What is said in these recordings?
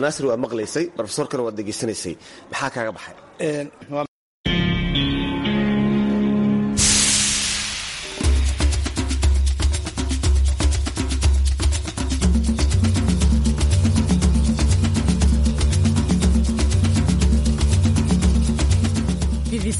Nasir waa maqlaysay rofesorkana waa degeysanaysay maxaa kaaga baxay?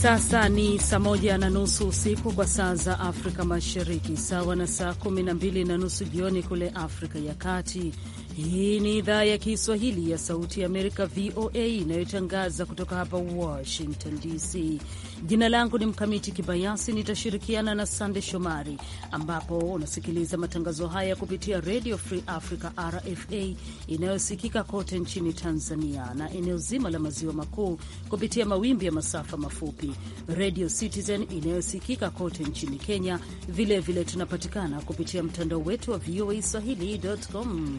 sasa ni saa moja na nusu usiku kwa saa za Afrika Mashariki, sawa na saa kumi na mbili na nusu jioni kule Afrika ya Kati. Hii ni idhaa ya Kiswahili ya Sauti ya Amerika, VOA, inayotangaza kutoka hapa Washington DC. Jina langu ni Mkamiti Kibayasi, nitashirikiana na Sande Shomari, ambapo unasikiliza matangazo haya kupitia Radio Free Africa, RFA, inayosikika kote nchini Tanzania na eneo zima la maziwa makuu kupitia mawimbi ya masafa mafupi, Radio Citizen inayosikika kote nchini Kenya. Vilevile vile tunapatikana kupitia mtandao wetu wa VOA swahili.com.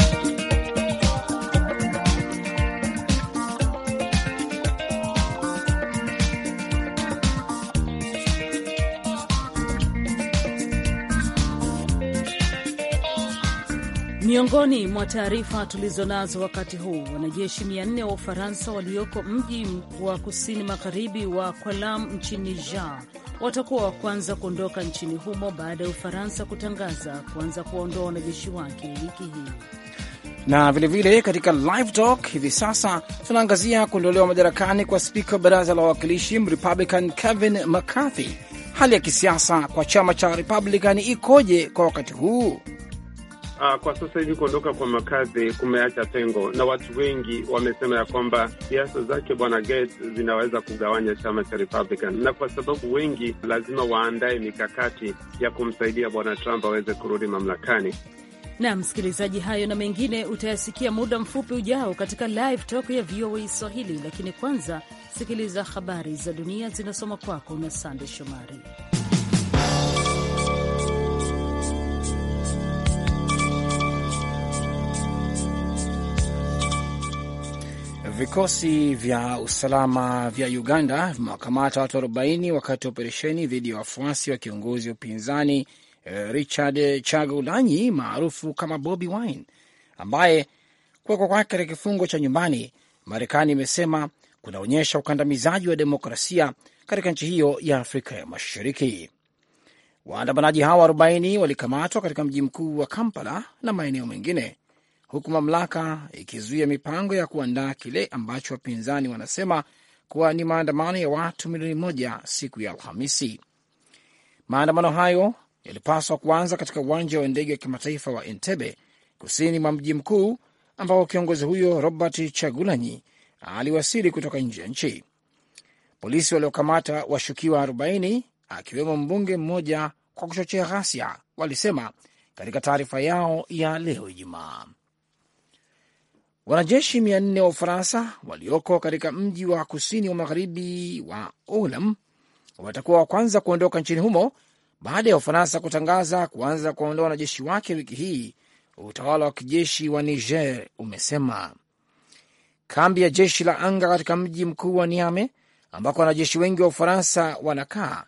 Miongoni mwa taarifa tulizonazo wakati huu, wanajeshi 400 wa Ufaransa walioko mji wa kusini magharibi wa Kwalam nchini Niger watakuwa wa kwanza kuondoka nchini humo baada ya Ufaransa kutangaza kuanza kuwaondoa wanajeshi wake wiki hii. Na vilevile vile, katika live talk hivi sasa tunaangazia kuondolewa madarakani kwa spika wa baraza la wawakilishi Mrepublican Kevin McCarthy. Hali ya kisiasa kwa chama cha Republican ikoje kwa wakati huu? uh, kwa sasa hivi kuondoka kwa makazi kumeacha pengo, na watu wengi wamesema ya kwamba siasa zake bwana Gates zinaweza kugawanya chama cha Republican, na kwa sababu wengi lazima waandae mikakati ya kumsaidia bwana Trump aweze kurudi mamlakani. Na msikilizaji, hayo na mengine utayasikia muda mfupi ujao katika live talk ya VOA Swahili, lakini kwanza sikiliza habari za dunia zinasoma kwako na Sande Shomari. Vikosi vya usalama vya Uganda vimewakamata watu 40 wakati wa operesheni dhidi ya wafuasi wa kiongozi wa upinzani eh, Richard Chagulanyi maarufu kama Bobi Wine ambaye kuwekwa kwake katika kifungo cha nyumbani, Marekani imesema kunaonyesha ukandamizaji wa demokrasia katika nchi hiyo ya Afrika ya Mashariki. Waandamanaji hawa 40 walikamatwa katika mji mkuu wa Kampala na maeneo mengine huku mamlaka ikizuia mipango ya kuandaa kile ambacho wapinzani wanasema kuwa ni maandamano ya watu milioni moja siku ya Alhamisi. Maandamano hayo yalipaswa kuanza katika uwanja wa ndege wa kimataifa wa Entebbe kusini mwa mji mkuu, ambao kiongozi huyo Robert Chagulanyi aliwasili kutoka nje ya nchi. Polisi waliokamata washukiwa 40 akiwemo mbunge mmoja kwa kuchochea ghasia, walisema katika taarifa yao ya leo Ijumaa. Wanajeshi mia nne wa Ufaransa walioko katika mji wa kusini wa magharibi wa Ulam watakuwa wa kwanza kuondoka nchini humo baada ya Ufaransa kutangaza kuanza kuondoa wanajeshi wake wiki hii, utawala wa kijeshi wa Niger umesema. Kambi ya jeshi la anga katika mji mkuu wa Niame, ambako wanajeshi wengi wa Ufaransa wanakaa,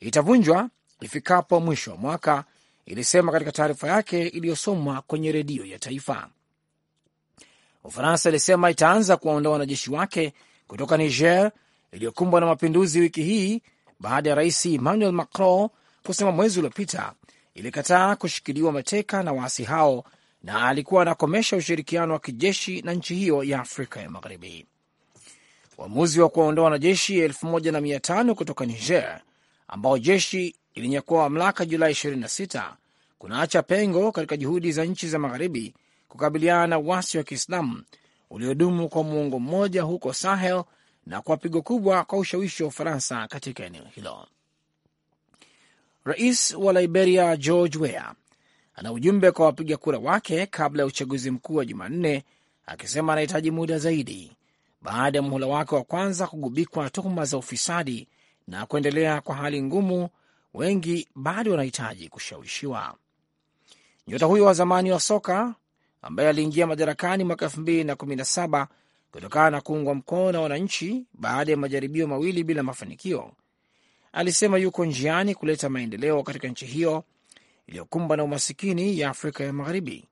itavunjwa ifikapo mwisho wa mwaka, ilisema katika taarifa yake iliyosomwa kwenye redio ya taifa. Ufaransa ilisema itaanza kuwaondoa wanajeshi wake kutoka Niger iliyokumbwa na mapinduzi wiki hii baada ya rais Emmanuel Macron kusema mwezi uliopita ilikataa kushikiliwa mateka na waasi hao na alikuwa anakomesha ushirikiano wa kijeshi na nchi hiyo ya Afrika ya Magharibi. Uamuzi wa kuwaondoa wanajeshi elfu kutoka Niger ambao jeshi ilinyakua mamlaka Julai 26 kunaacha pengo katika juhudi za nchi za magharibi kukabiliana na uasi wa Kiislamu uliodumu kwa muongo mmoja huko Sahel na kwa pigo kubwa kwa ushawishi wa Ufaransa katika eneo hilo. Rais wa Liberia George Weah ana ujumbe kwa wapiga kura wake kabla ya uchaguzi mkuu wa Jumanne, akisema anahitaji muda zaidi baada ya muhula wake wa kwanza kugubikwa tuhuma za ufisadi na kuendelea kwa hali ngumu. Wengi bado wanahitaji kushawishiwa. Nyota huyo wa zamani wa soka ambaye aliingia madarakani mwaka 2017 kutokana na kuungwa mkono na wananchi baada ya majaribio mawili bila mafanikio, alisema yuko njiani kuleta maendeleo katika nchi hiyo iliyokumbwa na umasikini ya Afrika ya Magharibi,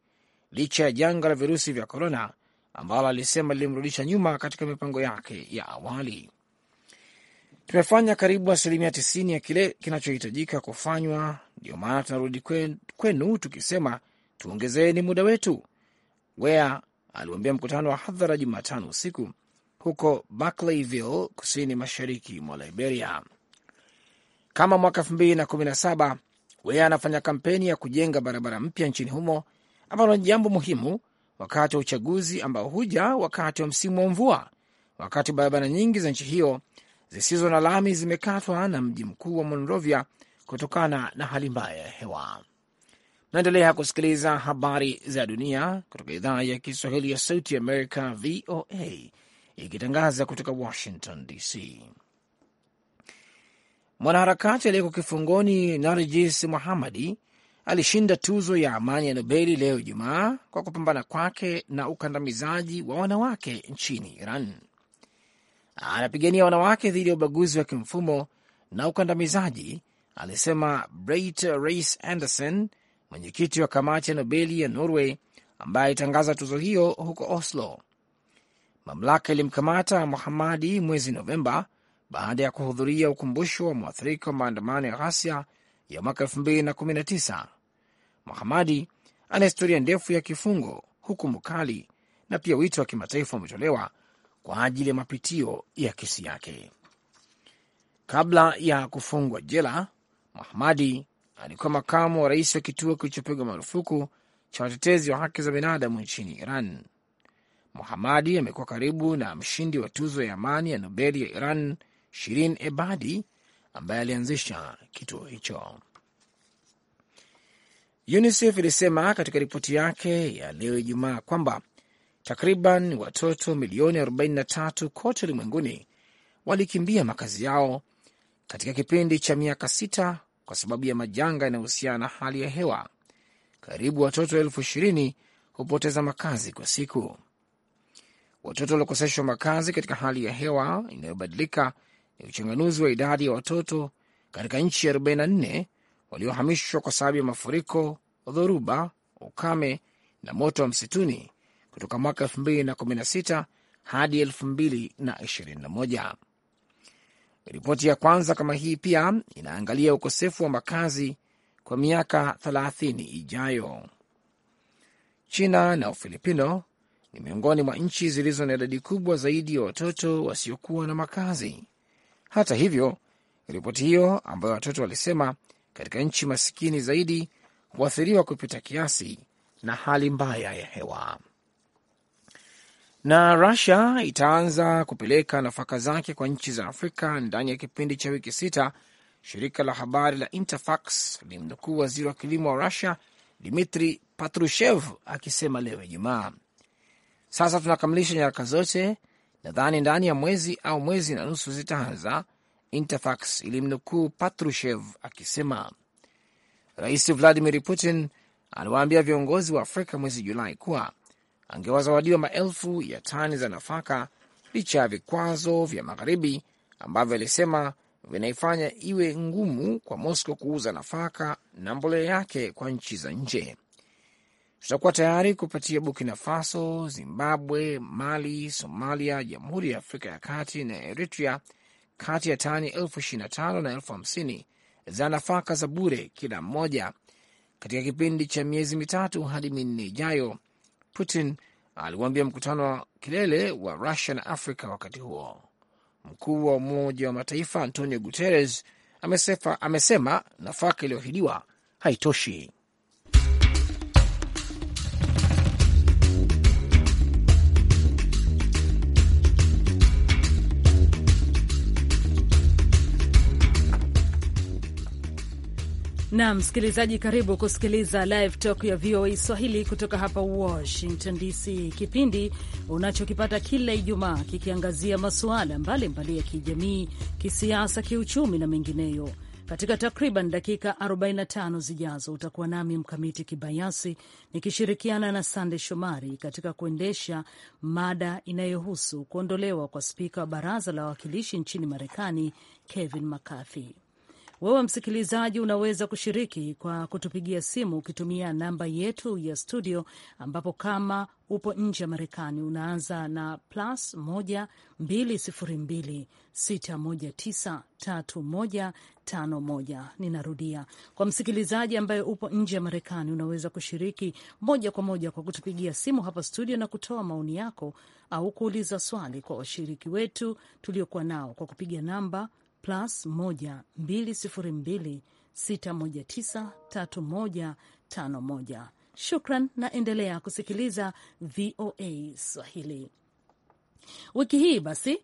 licha ya janga la virusi vya korona ambalo alisema lilimrudisha nyuma katika mipango yake ya awali. Tumefanya karibu asilimia tisini ya kile kinachohitajika kufanywa, ndiyo maana tunarudi kwenu tukisema tuongezeni muda wetu, Wea aliwambia mkutano wa hadhara Jumatano usiku huko Barkleyville, kusini mashariki mwa Liberia. Kama mwaka elfu mbili na kumi na saba, Wea anafanya kampeni ya kujenga barabara mpya nchini humo ambalo ni jambo muhimu wakati wa uchaguzi ambao huja wakati wa msimu wa mvua, wakati barabara nyingi za nchi hiyo zisizo na lami zimekatwa na mji mkuu wa Monrovia kutokana na hali mbaya ya hewa. Naendelea kusikiliza habari za dunia kutoka idhaa ya Kiswahili ya Sauti Amerika, VOA, ikitangaza kutoka Washington DC. Mwanaharakati aliyeko kifungoni Narjis Muhamadi alishinda tuzo ya amani ya Nobeli leo Ijumaa kwa kupambana kwake na ukandamizaji wa wanawake nchini Iran. Anapigania wanawake dhidi ya ubaguzi wa kimfumo na ukandamizaji, alisema Brit Reis Anderson, mwenyekiti wa kamati ya Nobeli ya Norway ambaye alitangaza tuzo hiyo huko Oslo. Mamlaka ilimkamata Muhamadi mwezi Novemba baada ya kuhudhuria ukumbusho wa mwathirika wa maandamano ya ghasia ya mwaka 2019. Muhamadi ana historia ndefu ya kifungo, hukumu kali, na pia wito wa kimataifa umetolewa kwa ajili ya mapitio ya kesi yake. Kabla ya kufungwa jela, Muhamadi alikuwa makamu wa rais wa kituo kilichopigwa marufuku cha watetezi wa haki za binadamu nchini Iran. Muhamadi amekuwa karibu na mshindi wa tuzo ya amani ya Nobeli ya Iran, Shirin Ebadi, ambaye alianzisha kituo hicho. UNICEF ilisema katika ripoti yake ya leo Ijumaa kwamba takriban watoto milioni 43 kote ulimwenguni walikimbia makazi yao katika kipindi cha miaka sita kwa sababu ya majanga yanayohusiana na hali ya hewa. Karibu watoto elfu ishirini hupoteza makazi kwa siku. Watoto waliokoseshwa makazi katika hali ya hewa inayobadilika ni uchanganuzi wa idadi ya watoto katika nchi 44 waliohamishwa kwa sababu ya mafuriko, dhoruba, ukame na moto wa msituni kutoka mwaka 2016 hadi 2021. Ripoti ya kwanza kama hii pia inaangalia ukosefu wa makazi kwa miaka 30 ijayo. China na Ufilipino ni miongoni mwa nchi zilizo na idadi kubwa zaidi ya watoto wasiokuwa na makazi. Hata hivyo, ripoti hiyo ambayo watoto walisema katika nchi masikini zaidi huathiriwa kupita kiasi na hali mbaya ya hewa na Rusia itaanza kupeleka nafaka zake kwa nchi za Afrika ndani ya kipindi cha wiki sita. Shirika la habari la Interfax limnukuu waziri wa kilimo wa Rusia Dmitri Patrushev akisema leo Ijumaa, sasa tunakamilisha nyaraka zote, nadhani ndani ya mwezi au mwezi na nusu zitaanza. Interfax ilimnukuu Patrushev akisema. Rais Vladimir Putin aliwaambia viongozi wa Afrika mwezi Julai kuwa angewazawadiwa maelfu ya tani za nafaka licha ya vikwazo vya magharibi ambavyo alisema vinaifanya iwe ngumu kwa Moscow kuuza nafaka na mbolea yake kwa nchi za nje. Tutakuwa tayari kupatia Burkina Faso, Zimbabwe, Mali, Somalia, Jamhuri ya Afrika ya Kati na Eritrea kati ya tani elfu ishirini na tano na elfu hamsini za nafaka za bure kila mmoja katika kipindi cha miezi mitatu hadi minne ijayo, Putin aliuambia mkutano wa kilele wa Rusia na Afrika wakati huo. Mkuu wa Umoja wa Mataifa Antonio Guterres amesema, amesema nafaka iliyoahidiwa haitoshi. Na msikilizaji, karibu kusikiliza live talk ya VOA Swahili kutoka hapa Washington DC, kipindi unachokipata kila Ijumaa kikiangazia masuala mbalimbali ya kijamii, kisiasa, kiuchumi na mengineyo. Katika takriban dakika 45 zijazo utakuwa nami Mkamiti Kibayasi nikishirikiana na Sande Shomari katika kuendesha mada inayohusu kuondolewa kwa spika wa baraza la wawakilishi nchini Marekani, Kevin McCarthy. Wewe msikilizaji, unaweza kushiriki kwa kutupigia simu ukitumia namba yetu ya studio, ambapo kama upo nje ya Marekani unaanza na plus 1 Ninarudia, kwa msikilizaji ambaye upo nje ya Marekani unaweza kushiriki moja kwa moja kwa kutupigia simu hapa studio na kutoa maoni yako au kuuliza swali kwa washiriki wetu tuliokuwa nao kwa kupiga namba plus 1 202 619 3151. Shukran na endelea kusikiliza VOA Swahili. Wiki hii basi,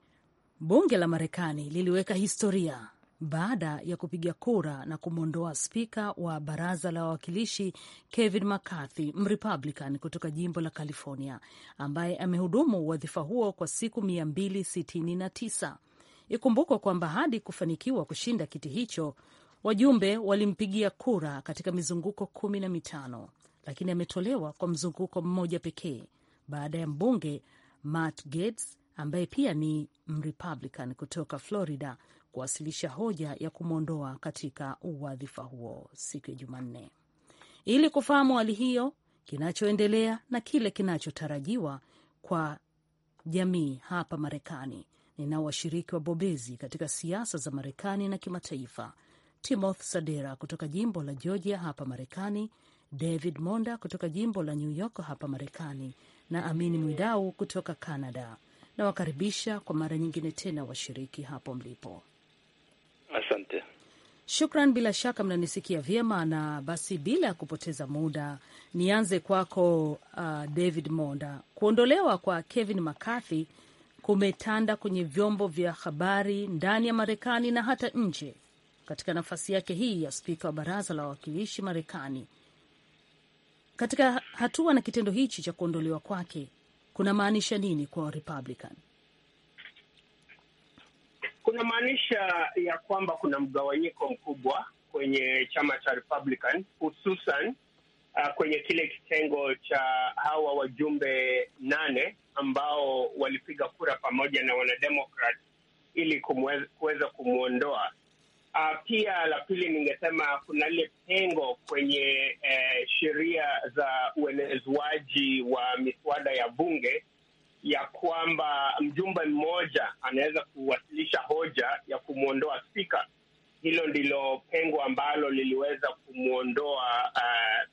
bunge la Marekani liliweka historia baada ya kupiga kura na kumwondoa spika wa baraza la wawakilishi Kevin McCarthy, Mrepublican kutoka jimbo la California, ambaye amehudumu wadhifa huo kwa siku 269 Ikumbukwe kwamba hadi kufanikiwa kushinda kiti hicho, wajumbe walimpigia kura katika mizunguko kumi na mitano, lakini ametolewa kwa mzunguko mmoja pekee baada ya mbunge Matt Gaetz ambaye pia ni Mrepublican kutoka Florida kuwasilisha hoja ya kumwondoa katika uwadhifa huo siku ya Jumanne. Ili kufahamu hali hiyo, kinachoendelea na kile kinachotarajiwa kwa jamii hapa Marekani, ninao washiriki wa bobezi katika siasa za Marekani na kimataifa: Timothy Sadera kutoka jimbo la Georgia hapa Marekani, David Monda kutoka jimbo la New York hapa Marekani na Amini Mwidau kutoka Canada. Nawakaribisha kwa mara nyingine tena washiriki hapo mlipo. Asante, shukran. Bila shaka mnanisikia vyema, na basi bila ya kupoteza muda nianze kwako, uh, David Monda. Kuondolewa kwa Kevin McCarthy kumetanda kwenye vyombo vya habari ndani ya Marekani na hata nje. Katika nafasi yake hii ya spika wa baraza la wawakilishi Marekani, katika hatua na kitendo hichi cha kuondolewa kwake kuna maanisha nini kwa Republican? Kuna maanisha ya kwamba kuna mgawanyiko mkubwa kwenye chama cha Republican hususan uh, kwenye kile kitengo cha hawa wajumbe nane ambao walipiga kura pamoja na wanademokrat ili kuweza kumwondoa. Uh, pia la pili, ningesema kuna lile pengo kwenye eh, sheria za uenezwaji wa miswada ya bunge ya kwamba mjumbe mmoja anaweza kuwasilisha hoja ya kumwondoa spika. Hilo ndilo pengo ambalo liliweza kumwondoa uh,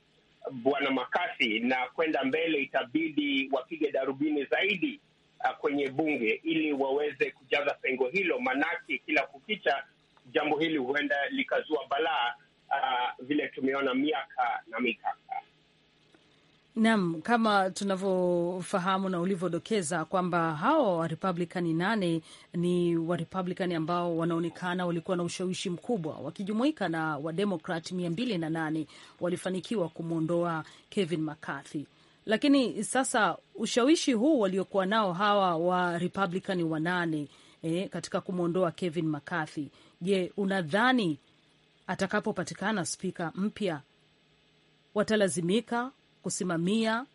Bwana Makasi, na kwenda mbele itabidi wapige darubini zaidi uh, kwenye bunge ili waweze kujaza pengo hilo, manake kila kukicha jambo hili huenda likazua balaa uh, vile tumeona miaka na mikaka. Naam, kama tunavyofahamu na ulivyodokeza kwamba hawa Warepublikani nane ni Warepublikani ambao wanaonekana walikuwa na ushawishi mkubwa, wakijumuika na Wademokrat mia mbili na nane walifanikiwa kumwondoa Kevin McCarthy. Lakini sasa ushawishi huu waliokuwa nao hawa wa Republican wanane eh, katika kumwondoa Kevin McCarthy, je, unadhani atakapopatikana spika mpya watalazimika kusimamia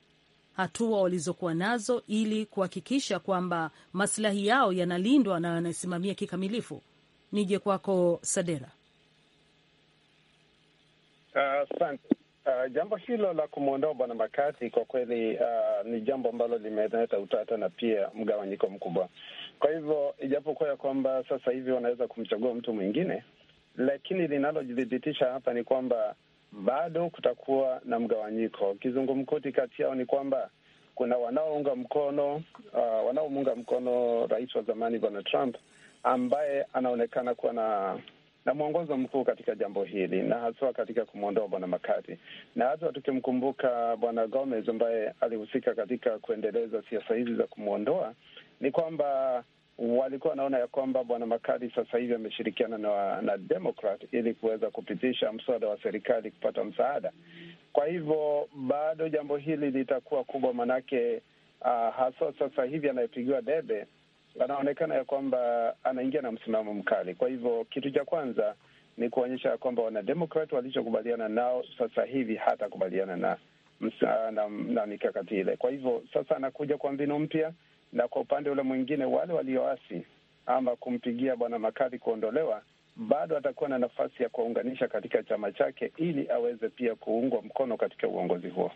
hatua walizokuwa nazo ili kuhakikisha kwamba maslahi yao yanalindwa na yanasimamia kikamilifu. Nije kwako Sadera. Asante. Uh, uh, jambo hilo la kumwondoa bwana Makati kwa kweli uh, ni jambo ambalo limeleta utata na pia mgawanyiko mkubwa. Kwa hivyo ijapokuwa ya kwamba sasa hivi wanaweza kumchagua mtu mwingine, lakini linalojithibitisha hapa ni kwamba bado kutakuwa na mgawanyiko. Kizungumkuti kati yao ni kwamba kuna wanaounga mkono uh, wanaomuunga mkono rais wa zamani bwana Trump ambaye anaonekana kuwa na na mwongozo mkuu katika jambo hili na haswa katika kumwondoa bwana Makati, na hata tukimkumbuka bwana Gomez ambaye alihusika katika kuendeleza siasa hizi za kumwondoa, ni kwamba walikuwa wanaona ya kwamba bwana Makari sasa hivi ameshirikiana na, na Demokrat ili kuweza kupitisha mswada wa serikali kupata msaada. Kwa hivyo bado jambo hili litakuwa kubwa, manake uh, haswa sasa hivi anayepigiwa debe anaonekana ya kwamba anaingia na msimamo mkali. Kwa hivyo kitu cha kwanza ni kuonyesha ya kwamba wanademokrat walichokubaliana nao sasa hivi hatakubaliana na, na, na, na mikakati ile. Kwa hivyo sasa anakuja kwa mbinu mpya na kwa upande ule mwingine wale walioasi ama kumpigia bwana Makadhi kuondolewa bado atakuwa na nafasi ya kuwaunganisha katika chama chake ili aweze pia kuungwa mkono katika uongozi huo.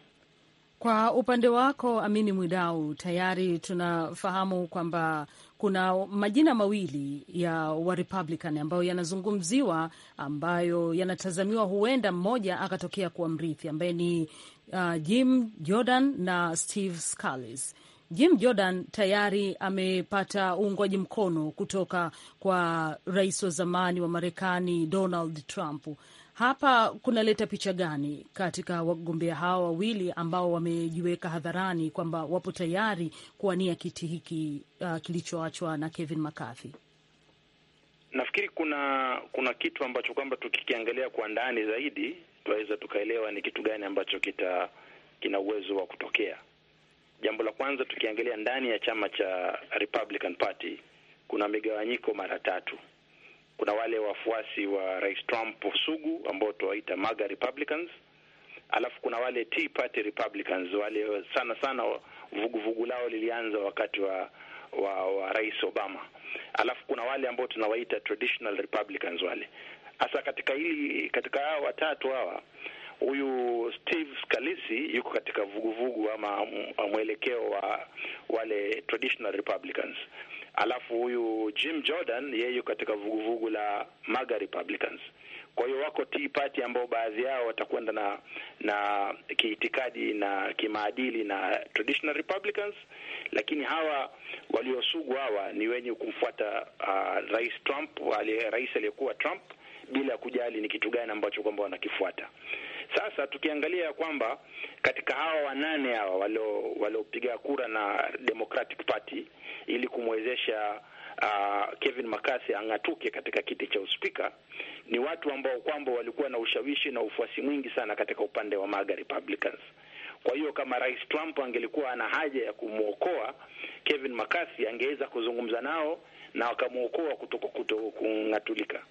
Kwa upande wako, Amini Mwidau, tayari tunafahamu kwamba kuna majina mawili ya wa Republican ambayo yanazungumziwa, ambayo yanatazamiwa huenda mmoja akatokea kuwa mrithi ambaye ni uh, Jim Jordan na Steve Scalise. Jim Jordan tayari amepata uungwaji mkono kutoka kwa rais wa zamani wa Marekani Donald Trump. Hapa kunaleta picha gani katika wagombea hawa wawili ambao wamejiweka hadharani kwamba wapo tayari kuwania kiti hiki uh, kilichoachwa na Kevin McCarthy? Nafikiri kuna kuna kitu ambacho kwamba tukikiangalia kwa ndani zaidi tunaweza tukaelewa ni kitu gani ambacho kita kina uwezo wa kutokea Jambo la kwanza, tukiangalia ndani ya chama cha Republican Party kuna migawanyiko mara tatu. Kuna wale wafuasi wa Rais Trump sugu ambao tuwaita MAGA Republicans, alafu kuna wale Tea Party Republicans, wale sana sana vuguvugu vugu lao lilianza wakati wa wa, wa Rais Obama, alafu kuna wale ambao tunawaita traditional Republicans wale hasa katika hili katika hawa watatu hawa huyu Steve Scalisi yuko katika vuguvugu ama mwelekeo wa wale traditional Republicans, alafu huyu Jim Jordan yeye yuko katika vuguvugu la MAGA Republicans. Kwa hiyo wako Tea Party ambao baadhi yao watakwenda na na kiitikadi na kimaadili na traditional Republicans, lakini hawa waliosugu hawa ni wenye kumfuata uh, Rais Trump, rais aliyekuwa Trump bila kujali ni kitu gani ambacho kwamba wanakifuata. Sasa tukiangalia ya kwamba katika hawa wanane hawa waliopiga kura na Democratic Party ili kumwezesha uh, Kevin Makasi ang'atuke katika kiti cha uspika ni watu ambao kwamba walikuwa na ushawishi na ufuasi mwingi sana katika upande wa MAGA Republicans. Kwa hiyo kama Rais Trump angelikuwa ana haja ya kumwokoa Kevin Makasi, angeweza kuzungumza nao na wakamwokoa kutoka kuto kung'atulika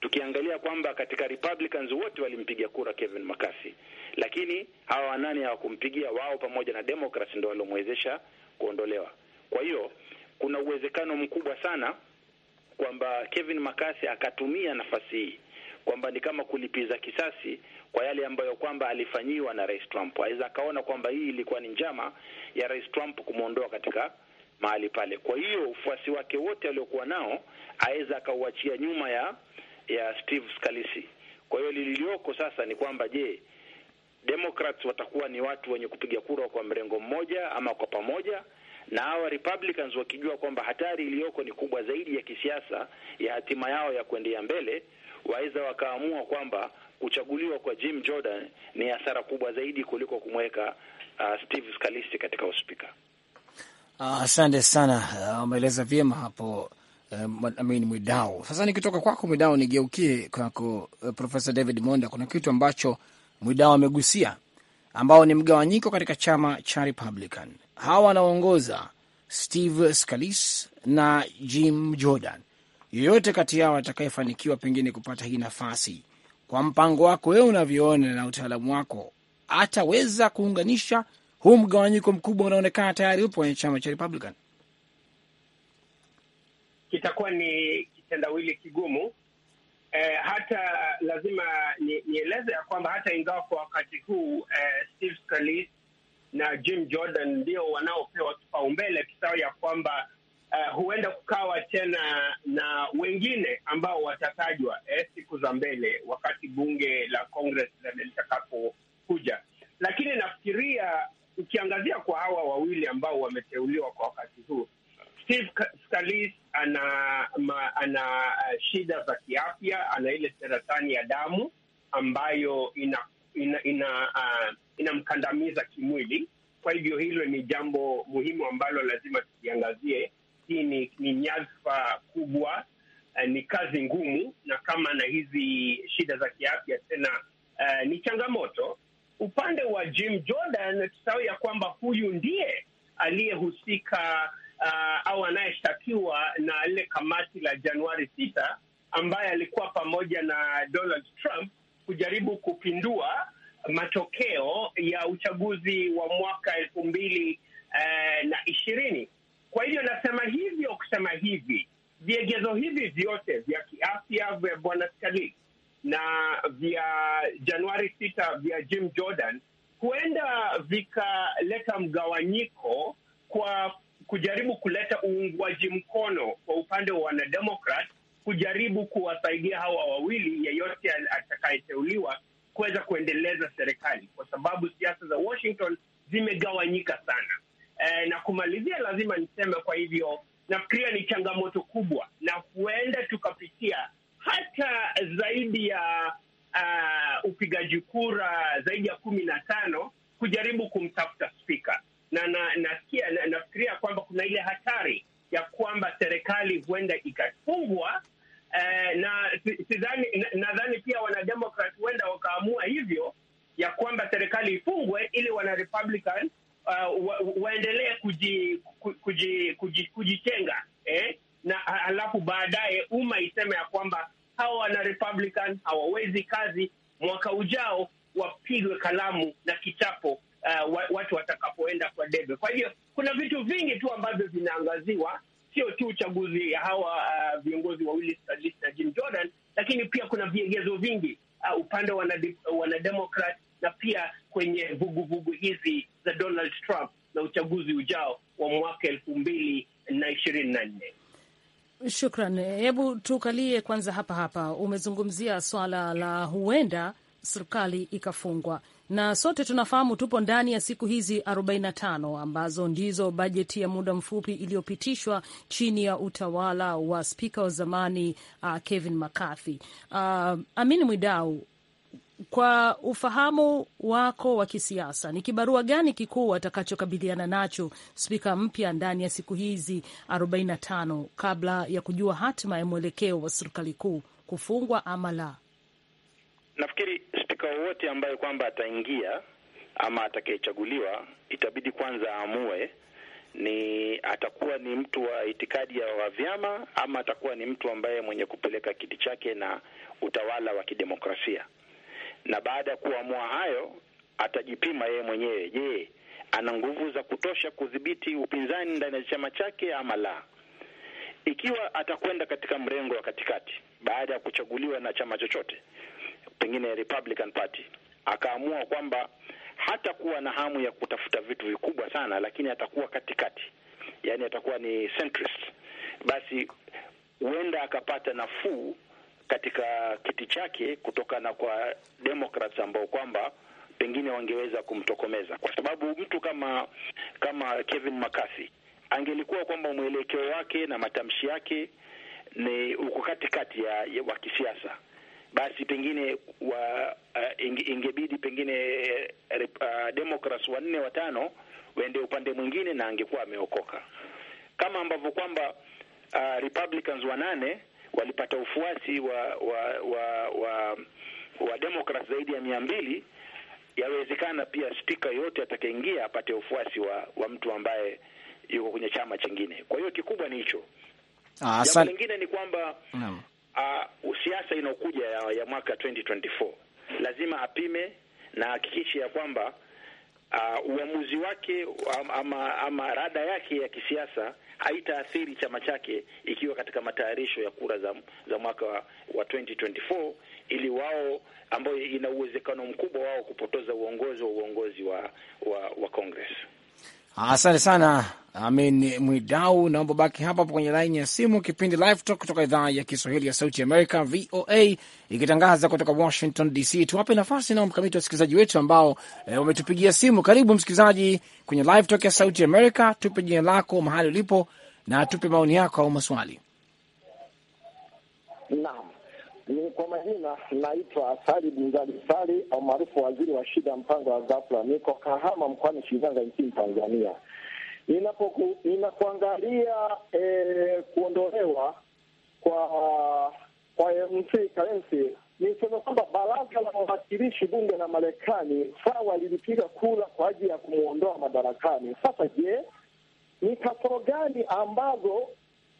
tukiangalia kwamba katika Republicans wote walimpiga kura Kevin McCarthy, lakini hawa wanani hawakumpigia wao, pamoja na Democrats ndio waliomwezesha kuondolewa. Kwa hiyo kuna uwezekano mkubwa sana kwamba Kevin McCarthy akatumia nafasi hii kwamba ni kama kulipiza kisasi kwa yale ambayo kwamba alifanyiwa na Rais Trump. Aweza akaona kwamba hii ilikuwa ni njama ya Rais Trump kumwondoa katika mahali pale. Kwa hiyo ufuasi wake wote aliokuwa nao aweza akauachia nyuma ya ya Steve Scalise. Kwa hiyo lililoko sasa ni kwamba je, Democrats watakuwa ni watu wenye kupiga kura kwa mrengo mmoja ama kwa pamoja, na hawa Republicans wakijua kwamba hatari iliyoko ni kubwa zaidi ya kisiasa ya hatima yao ya kuendelea mbele, waweza wakaamua kwamba kuchaguliwa kwa Jim Jordan ni hasara kubwa zaidi kuliko kumweka uh, Steve Scalise katika uspika. Ah, asante uh, sana, ah, umeeleza uh, vyema hapo Eh, mwidao Amin Sasa nikitoka kwako Mwidao, nigeukie kwako uh, eh, Profesa David Monda. Kuna kitu ambacho Mwidao amegusia ambao ni mgawanyiko katika chama cha Republican. Hawa wanaongoza Steve Scalise na Jim Jordan, yoyote kati yao atakayefanikiwa pengine kupata hii nafasi, kwa mpango wako wewe unavyoona na utaalamu wako, ataweza kuunganisha huu mgawanyiko mkubwa unaonekana tayari upo kwenye chama cha Republican? kitakuwa ni kitendawili kigumu. Eh, hata lazima nieleze ya kwamba hata ingawa kwa wakati huu eh, Steve Scalise na Jim Jordan ndio wanaopewa kipaumbele kisawa ya kwamba eh, huenda kukawa tena na wengine ambao watatajwa eh, siku za mbele wakati bunge la Congress litakapokuja, lakini nafikiria ukiangazia kwa hawa wawili ambao wameteuliwa kwa wakati huu Steve Scalise ana ma, ana eh, shida za kiafya, ana ile saratani ya damu ambayo ina ina inamkandamiza ina, uh, inamkandamiza kimwili. Kwa hivyo hilo ni jambo muhimu ambalo lazima tukiangazie. Hii ni, ni nyadhifa kubwa uh, ni kazi ngumu, na kama na hizi shida za kiafya tena uh, ni changamoto. Upande wa Jim Jordan, tusahau ya kwamba huyu ndiye aliyehusika uh, au anayeshtakiwa na lile kamati la Januari sita ambaye alikuwa pamoja na Donald Trump kujaribu kupindua matokeo ya uchaguzi wa mwaka elfu mbili uh, na ishirini. Kwa hivyo nasema hivyo kusema hivi, viegezo hivi vyote vya kiafya vya bwana Scalise na vya Januari sita vya Jim Jordan huenda vikaleta mgawanyiko kwa kujaribu kuleta uungwaji mkono kwa upande wa wanademokrat kujaribu kuwasaidia hawa wawili, yeyote atakayeteuliwa kuweza kuendeleza serikali, kwa sababu siasa za Washington zimegawanyika sana. E, na kumalizia, lazima niseme, kwa hivyo nafikiria ni changamoto kubwa, na huenda tukapitia hata zaidi ya uh, upigaji kura zaidi ya kumi na tano kujaribu kumtafuta spika na nasikia na, nafikiria kwamba kuna ile hatari ya kwamba serikali huenda ikafungwa eh, na sidhani, nadhani pia wanademokrat huenda wakaamua hivyo ya kwamba serikali ifungwe ili wana uh, wa, waendelee kujitenga kuji, kuji, kuji eh? na halafu baadaye umma iseme ya kwamba hawa wana hawawezi kazi, mwaka ujao wapigwe kalamu na kichapo uh, watu watakapoenda kwa debe. Kwa hivyo kuna vitu vingi tu ambavyo vinaangaziwa, sio tu uchaguzi hawa uh, viongozi wawili Scalise na Jim Jordan, lakini pia kuna viegezo vingi uh, upande wa wanademokrat na pia kwenye vuguvugu hizi za Donald Trump na uchaguzi ujao wa mwaka elfu mbili na ishirini na nne. Shukran. Hebu tukalie kwanza hapa hapa, umezungumzia swala la huenda serikali ikafungwa na sote tunafahamu tupo ndani ya siku hizi 45 ambazo ndizo bajeti ya muda mfupi iliyopitishwa chini ya utawala wa spika wa zamani uh, Kevin McCarthy. Uh, Amini Mwidau, kwa ufahamu wako wa kisiasa, ni kibarua gani kikuu atakachokabiliana nacho spika mpya ndani ya siku hizi 45 kabla ya kujua hatima ya mwelekeo wa serikali kuu kufungwa ama la? Nafikiri spika wowote ambaye kwamba ataingia ama atakayechaguliwa, itabidi kwanza aamue ni atakuwa ni mtu wa itikadi ya wa vyama ama atakuwa ni mtu ambaye mwenye kupeleka kiti chake na utawala wa kidemokrasia. Na baada ya kuamua hayo, atajipima yeye mwenyewe, je, ana nguvu za kutosha kudhibiti upinzani ndani ya chama chake ama la? Ikiwa atakwenda katika mrengo wa katikati baada ya kuchaguliwa na chama chochote, pengine Republican Party, akaamua kwamba hata kuwa na hamu ya kutafuta vitu vikubwa sana, lakini atakuwa katikati, yani atakuwa ni centrist, basi huenda akapata nafuu katika kiti chake kutokana kwa Democrats ambao kwamba pengine wangeweza kumtokomeza, kwa sababu mtu kama kama Kevin McCarthy angelikuwa kwamba mwelekeo wake na matamshi yake ni uko katikati ya, ya wa kisiasa basi pengine wa uh, inge, ingebidi pengine uh, Democrats wanne watano waende upande mwingine na angekuwa ameokoka, kama ambavyo kwamba uh, Republicans wanane walipata ufuasi wa wa wa, wa, wa Democrats zaidi ya mia mbili. Yawezekana pia spika yote atakayeingia apate ufuasi wa, wa mtu ambaye yuko kwenye chama chingine. Kwa hiyo kikubwa ni hicho. Ah, Jambo lingine ni kwamba no uh, siasa inaokuja ya, ya mwaka 2024 lazima apime na hakikishe ya kwamba uh, uamuzi wake ama, ama rada yake ya kisiasa haitaathiri chama chake ikiwa katika matayarisho ya kura za, za mwaka wa 2024 ili wao ambayo ina uwezekano mkubwa wao kupotoza uongozi wa uongozi wa, wa, wa Congress. Asante sana Amin Mwidau, naomba baki hapa kwenye laini ya simu. Kipindi Live Talk kutoka idhaa ya Kiswahili ya Sauti Amerika, VOA, ikitangaza kutoka Washington DC. Tuwape nafasi nao mkamiti wa wasikilizaji wetu ambao eh, wametupigia e, simu. Karibu msikilizaji kwenye Live Talk ya Sauti Amerika, tupe jina lako, mahali ulipo, na tupe maoni yako au maswali. Naam, ni kwa majina naitwa Asali Bunzali Sali au maarufu waziri wa shida mpango wa ghafla, niko Kahama mkoani Shinyanga nchini Tanzania. Ninapoku, ninakuangalia eh, kuondolewa kwa kwa MC Karensi, niseme kwamba baraza la wawakilishi bunge la Marekani sawa lilipiga kura kwa ajili ya kumwondoa madarakani. Sasa je, ni kasoro gani ambazo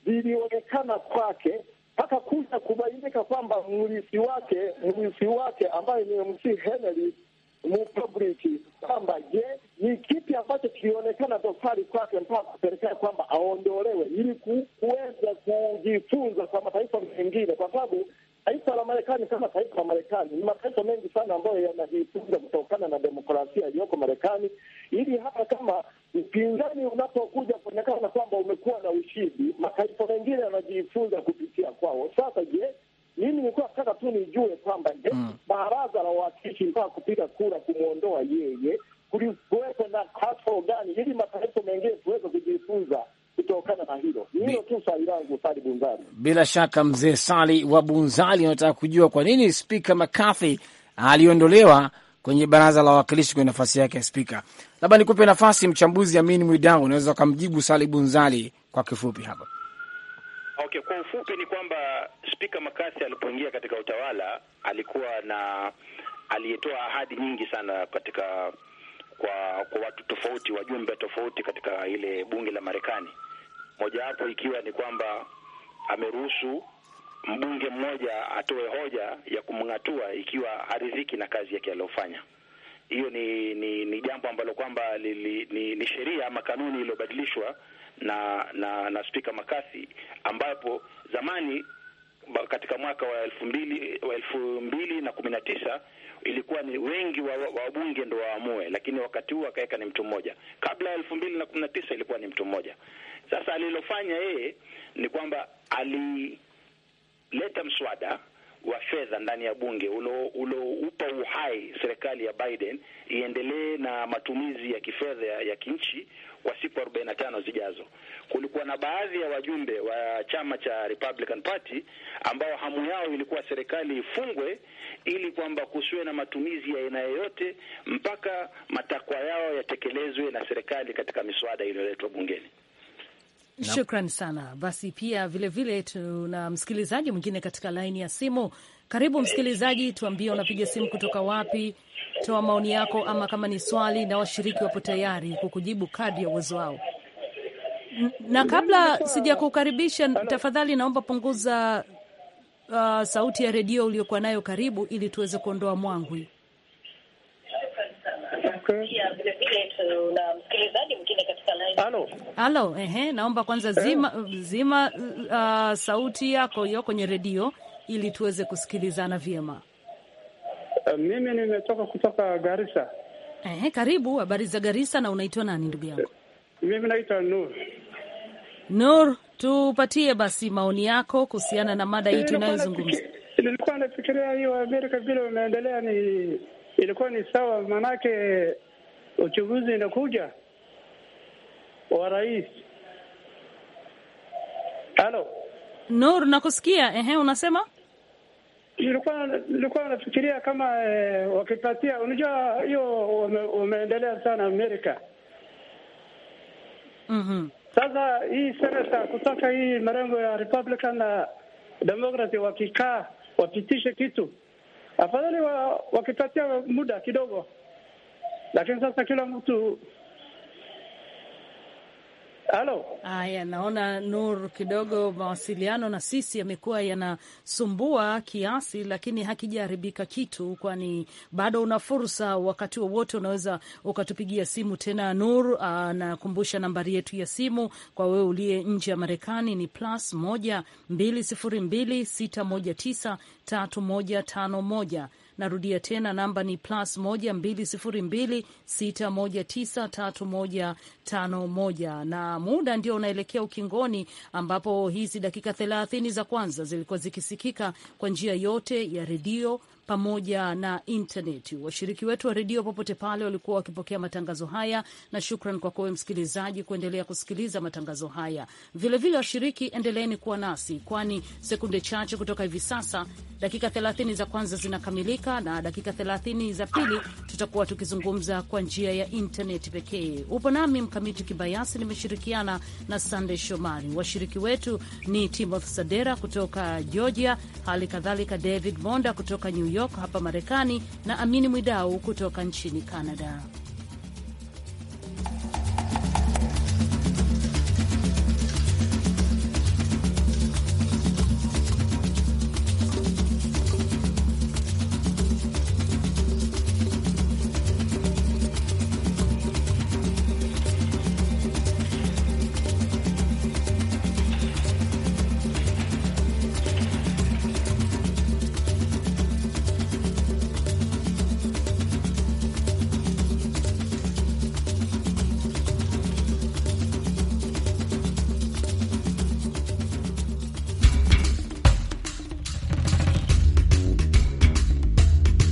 zilionekana kwake mpaka kuja kubainika kwamba mrithi wake mrithi wake ambaye ni MC Henry mupubliki kwamba je, ni kipi ambacho kilionekana dosari kwake mpaka kupelekea kwamba aondolewe, ili kuweza kujifunza kwa mataifa mengine, kwa sababu taifa la Marekani kama taifa la Marekani, ni mataifa mengi sana ambayo yanajifunza kutokana na demokrasia iliyoko Marekani, ili hata kama upinzani unapokuja kuonekana kwamba umekuwa na ushindi, mataifa mengine yanajifunza kupitia kwao. Sasa je, mimi nilikuwa nataka tu nijue kwamba je, mm. baraza la wawakilishi mpaka kupiga kura kumwondoa yeye kulikuwepo na kasoro gani, ili mataifa mengine tuweze kujifunza kutokana na hilo. hilo tu swali langu, Sali Bunzali. Bila shaka, mzee Sali wa Bunzali anataka kujua kwa nini Spika McCarthy aliondolewa kwenye baraza la wawakilishi kwenye nafasi yake ya spika. Labda nikupe nafasi mchambuzi Amin Mwidau, unaweza ukamjibu Sali Bunzali kwa kifupi hapa. Okay, kwa ufupi ni kwamba Spika McCarthy alipoingia katika utawala alikuwa na aliyetoa ahadi nyingi sana katika kwa kwa watu tofauti, wajumbe tofauti katika ile bunge la Marekani mojawapo ikiwa ni kwamba ameruhusu mbunge mmoja atoe hoja ya kumng'atua ikiwa haridhiki na kazi yake aliyofanya. Hiyo ni ni, ni jambo ambalo kwamba li, li, ni, ni sheria ama kanuni iliyobadilishwa na na, na Spika Makasi, ambapo zamani katika mwaka wa elfu mbili wa elfu mbili na kumi na tisa ilikuwa ni wengi wa wabunge ndo waamue, lakini wakati huu akaweka ni mtu mmoja. Kabla ya elfu mbili na kumi na tisa ilikuwa ni mtu mmoja. Sasa alilofanya yeye ni kwamba alileta mswada wa fedha ndani ya bunge ulioupa uhai serikali ya Biden iendelee na matumizi ya kifedha ya kinchi kwa siku 45 zijazo. Kulikuwa na baadhi ya wajumbe wa chama cha Republican Party ambao hamu yao ilikuwa serikali ifungwe ili kwamba kusiwe na matumizi ya aina yoyote mpaka matakwa yao yatekelezwe na serikali katika miswada iliyoletwa bungeni. Shukran sana. Basi pia vilevile tuna msikilizaji mwingine katika laini ya simu. Karibu msikilizaji, tuambie unapiga simu kutoka wapi, toa maoni yako, ama kama ni swali, na washiriki wapo tayari kukujibu kadri ya uwezo wao. Na kabla sijakukaribisha, tafadhali naomba punguza uh, sauti ya redio uliokuwa nayo karibu, ili tuweze kuondoa mwangwi. Okay. Halo, halo, ehe, naomba kwanza eh. zima zima uh, sauti yako hiyo kwenye redio ili tuweze kusikilizana vyema. Uh, mimi nimetoka kutoka Garissa. Ehe, karibu. Habari za Garissa, na unaitwa nani ndugu yangu? Mimi naitwa Nur. Nur, tupatie basi maoni yako kuhusiana na mada hii tunayozungumza. Nilikuwa nafikiria hiyo Amerika vile umeendelea ni ilikuwa ni sawa, maanake uchaguzi inakuja wa rais. Halo Nur, nakusikia. Ehe, unasema nilikuwa nilikuwa nafikiria kama e, wakipatia, unajua hiyo wameendelea ume, sana Amerika. mm -hmm. Sasa hii senata kutoka hii marengo ya Republican na Democrat wakikaa wapitishe kitu, afadhali wa, wakipatia muda kidogo, lakini sasa kila mtu Halo. Haya, naona Nur kidogo mawasiliano na sisi yamekuwa yanasumbua kiasi, lakini hakijaharibika kitu, kwani bado una fursa. Wakati wowote unaweza ukatupigia simu tena. Nur anakumbusha ah, nambari yetu ya simu kwa wewe uliye nje ya Marekani ni plus 1 mbili sifuri moja Narudia tena namba ni plus 12026193151 na muda ndio unaelekea ukingoni, ambapo hizi dakika 30 za kwanza zilikuwa zikisikika kwa njia yote ya redio pamoja na intaneti. Washiriki wetu wa redio popote pale walikuwa wakipokea matangazo haya, na shukran kwako wewe msikilizaji kuendelea kusikiliza matangazo haya. Vilevile washiriki, endeleeni kuwa nasi, kwani sekunde chache kutoka hivi sasa, dakika 30 za kwanza zinakamilika na dakika 30 za pili tutakuwa tukizungumza kwa njia ya intaneti pekee. Upo nami Mkamiti Kibayasi, nimeshirikiana na Sandey Shomari. Washiriki wetu ni Timothy Sadera kutoka Georgia, hali kadhalika David Monda kutoka New York, York hapa Marekani na Amini Mwidau kutoka nchini Canada.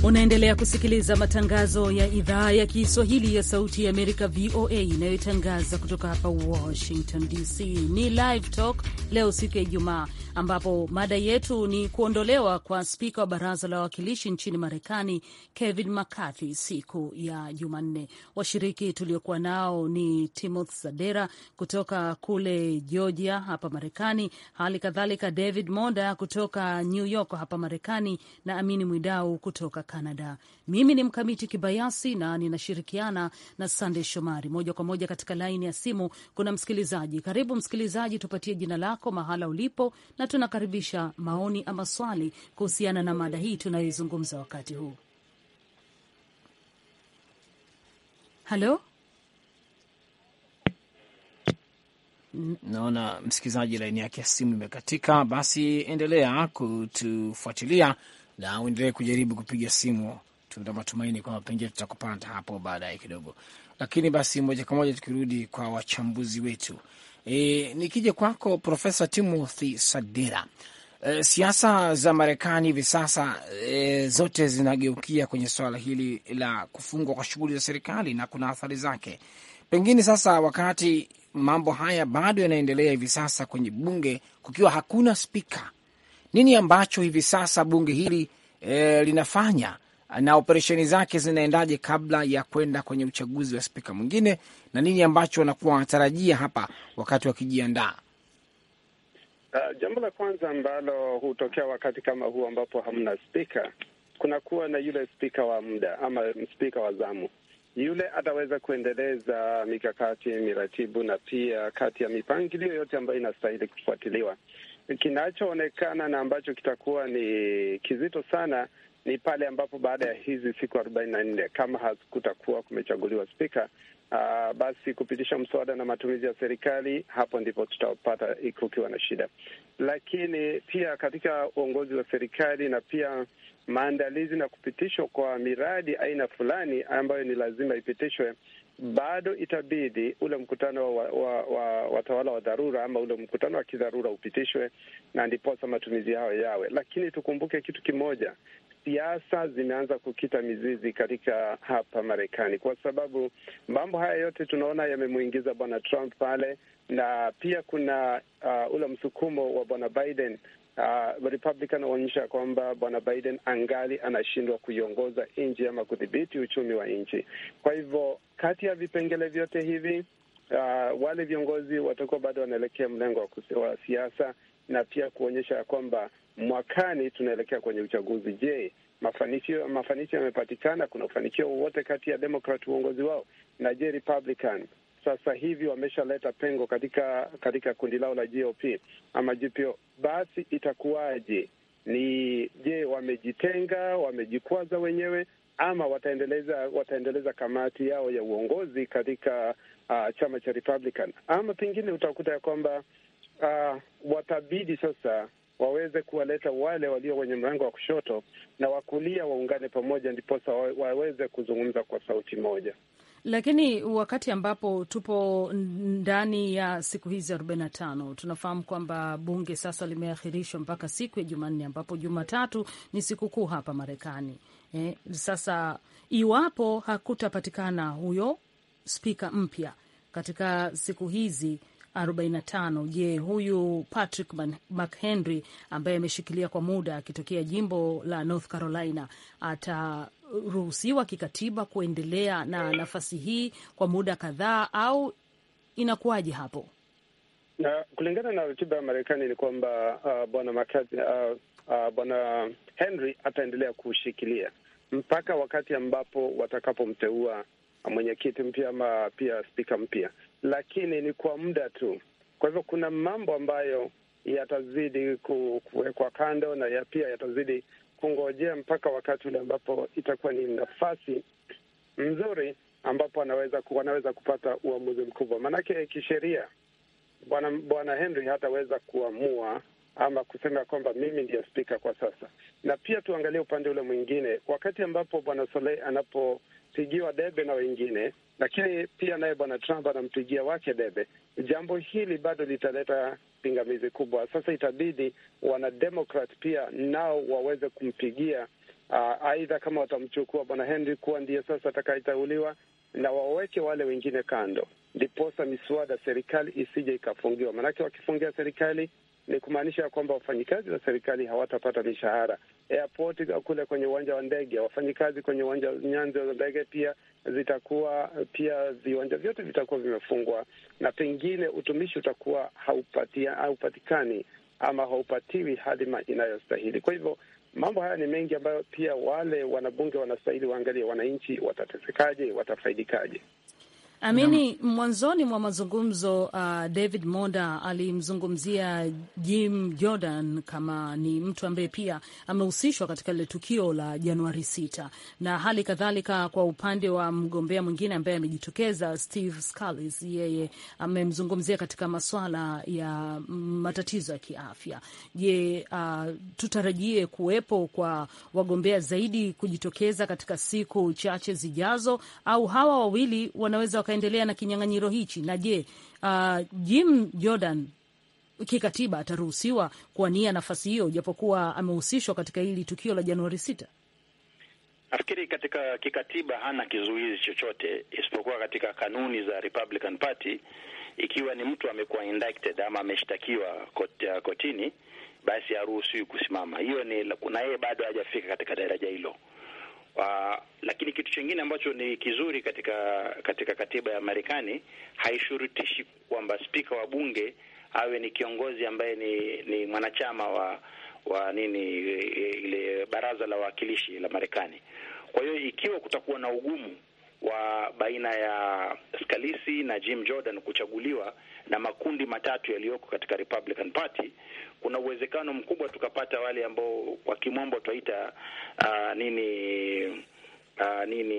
Unaendelea kusikiliza matangazo ya idhaa ya Kiswahili ya Sauti ya Amerika, VOA, inayotangaza kutoka hapa Washington DC. Ni Live Talk leo siku ya Ijumaa, ambapo mada yetu ni kuondolewa kwa spika wa baraza la wawakilishi nchini Marekani, Kevin McCarthy, siku ya Jumanne. Washiriki tuliokuwa nao ni Timothy Sadera kutoka kule Georgia hapa Marekani, hali kadhalika David Monda kutoka New York hapa Marekani na Amini Mwidau kutoka Canada. Mimi ni Mkamiti Kibayasi na ninashirikiana na Sande Shomari. Moja kwa moja katika laini ya simu kuna msikilizaji. Karibu msikilizaji, tupatie jina lako, mahala ulipo, na tunakaribisha maoni ama swali kuhusiana na mada hii tunayoizungumza wakati huu. Halo, naona msikilizaji laini yake ya simu imekatika. Basi endelea kutufuatilia na uendelee kujaribu kupiga simu tuna matumaini kwamba pengine tutakupata hapo baadaye kidogo. Lakini basi moja kwa moja tukirudi kwa wachambuzi wetu, e, nikija kwako Profesa Timothy Sadira, e, siasa za Marekani hivi sasa e, zote zinageukia kwenye swala hili la kufungwa kwa shughuli za serikali na kuna athari zake. Pengine sasa wakati mambo haya bado yanaendelea hivi sasa kwenye bunge kukiwa hakuna spika, nini ambacho hivi sasa bunge hili e, linafanya na operesheni zake zinaendaje kabla ya kwenda kwenye uchaguzi wa spika mwingine, na nini ambacho wanakuwa wanatarajia hapa wakati wakijiandaa? Uh, jambo la kwanza ambalo hutokea wakati kama huu ambapo hamna spika, kunakuwa na yule spika wa muda ama spika wa zamu yule ataweza kuendeleza mikakati, miratibu na pia kati ya mipangilio yote ambayo inastahili kufuatiliwa. Kinachoonekana na ambacho kitakuwa ni kizito sana ni pale ambapo baada ya hizi siku arobaini na nne kama hakutakuwa kumechaguliwa spika, uh, basi kupitisha mswada na matumizi ya serikali, hapo ndipo tutapata kukiwa na shida. Lakini pia katika uongozi wa serikali na pia maandalizi na kupitishwa kwa miradi aina fulani ambayo ni lazima ipitishwe bado itabidi ule mkutano wa, wa, wa watawala wa dharura ama ule mkutano wa kidharura upitishwe na ndiposa matumizi hayo yawe. Lakini tukumbuke kitu kimoja, siasa zimeanza kukita mizizi katika hapa Marekani, kwa sababu mambo haya yote tunaona yamemwingiza bwana Trump pale, na pia kuna uh, ule msukumo wa bwana Biden. Uh, Republican anaonyesha kwamba bwana Biden angali anashindwa kuiongoza nchi ama kudhibiti uchumi wa nchi. Kwa hivyo kati ya vipengele vyote hivi uh, wale viongozi watakuwa bado wanaelekea mlengo wa siasa na pia kuonyesha ya kwamba mwakani tunaelekea kwenye uchaguzi. Je, mafanikio mafanikio yamepatikana? Kuna ufanikio wowote kati ya Demokrat uongozi wao na je Republican? Sasa hivi wameshaleta pengo katika katika kundi lao la GOP ama GPO, basi itakuwaje? Ni je, wamejitenga wamejikwaza wenyewe ama wataendeleza wataendeleza kamati yao ya uongozi katika uh, chama cha Republican, ama pengine utakuta ya kwamba uh, watabidi sasa waweze kuwaleta wale walio wenye mrango wa kushoto na wakulia waungane pamoja, ndiposa waweze kuzungumza kwa sauti moja. Lakini wakati ambapo tupo ndani ya siku hizi arobaini na tano, tunafahamu kwamba bunge sasa limeahirishwa mpaka siku ya Jumanne, ambapo Jumatatu ni sikukuu hapa Marekani. Eh, sasa iwapo hakutapatikana huyo spika mpya katika siku hizi 45. Je, huyu Patrick McHenry ambaye ameshikilia kwa muda akitokea jimbo la North Carolina ataruhusiwa kikatiba kuendelea na nafasi hii kwa muda kadhaa au inakuwaje hapo? Na kulingana na ratiba ya Marekani ni kwamba uh, bwana uh, uh, bwana Henry ataendelea kushikilia mpaka wakati ambapo watakapomteua mwenyekiti mpya ama pia spika mpya lakini ni kwa muda tu. Kwa hivyo kuna mambo ambayo yatazidi kuwekwa kando na ya pia yatazidi kungojea mpaka wakati ule ambapo itakuwa ni nafasi mzuri ambapo wanaweza, wanaweza kupata uamuzi mkubwa, maanake kisheria bwana bwana Henry hataweza kuamua ama kusema kwamba mimi ndiyo spika kwa sasa. Na pia tuangalie upande ule mwingine, wakati ambapo bwana Solei anapo anapigiwa debe na wengine, lakini pia naye bwana Trump anampigia wake debe. Jambo hili bado litaleta pingamizi kubwa. Sasa itabidi wanademokrat pia nao waweze kumpigia uh, aidha kama watamchukua bwana Henry kuwa ndiye sasa atakayeteuliwa na waweke wale wengine kando, ndiposa miswada serikali isije ikafungiwa, maanake wakifungia serikali ni kumaanisha kwamba wafanyikazi wa serikali hawatapata mishahara. Airport kule kwenye uwanja wa ndege, wafanyikazi kwenye uwanja nyanja za ndege pia zitakuwa pia, viwanja vyote vitakuwa vimefungwa, na pengine utumishi utakuwa haupatia, haupatikani ama haupatiwi hadhima inayostahili. Kwa hivyo mambo haya ni mengi ambayo pia wale wanabunge wanastahili waangalie, wananchi watatesekaje, watafaidikaje? Amini, mwanzoni mwa mazungumzo uh, David Monda alimzungumzia Jim Jordan kama ni mtu ambaye pia amehusishwa katika lile tukio la Januari sita, na hali kadhalika kwa upande wa mgombea mwingine ambaye amejitokeza Steve Scalise, yeye amemzungumzia katika maswala ya matatizo ya kiafya. Je, uh, tutarajie kuwepo kwa wagombea zaidi kujitokeza katika siku chache zijazo, au hawa wawili wanaweza wakaendelea na kinyang'anyiro hichi? Na je, uh, Jim Jordan kikatiba ataruhusiwa kuwania nafasi hiyo japokuwa amehusishwa katika hili tukio la Januari sita? Nafikiri katika kikatiba hana kizuizi chochote isipokuwa katika kanuni za Republican Party, ikiwa ni mtu amekuwa indicted ama ameshtakiwa kot, uh, kotini, basi haruhusiwi kusimama. Hiyo ni na yeye bado hajafika katika daraja hilo. Uh, lakini kitu chingine ambacho ni kizuri katika katika katiba ya Marekani haishurutishi kwamba spika wa bunge awe ni kiongozi ambaye ni ni mwanachama wa wa nini e, e, ile baraza la wawakilishi la Marekani. Kwa hiyo ikiwa kutakuwa na ugumu wa baina ya Scalisi na Jim Jordan kuchaguliwa na makundi matatu yaliyoko katika Republican Party, kuna uwezekano mkubwa tukapata wale ambao kwa kimombo twaita uh, nini uh, nini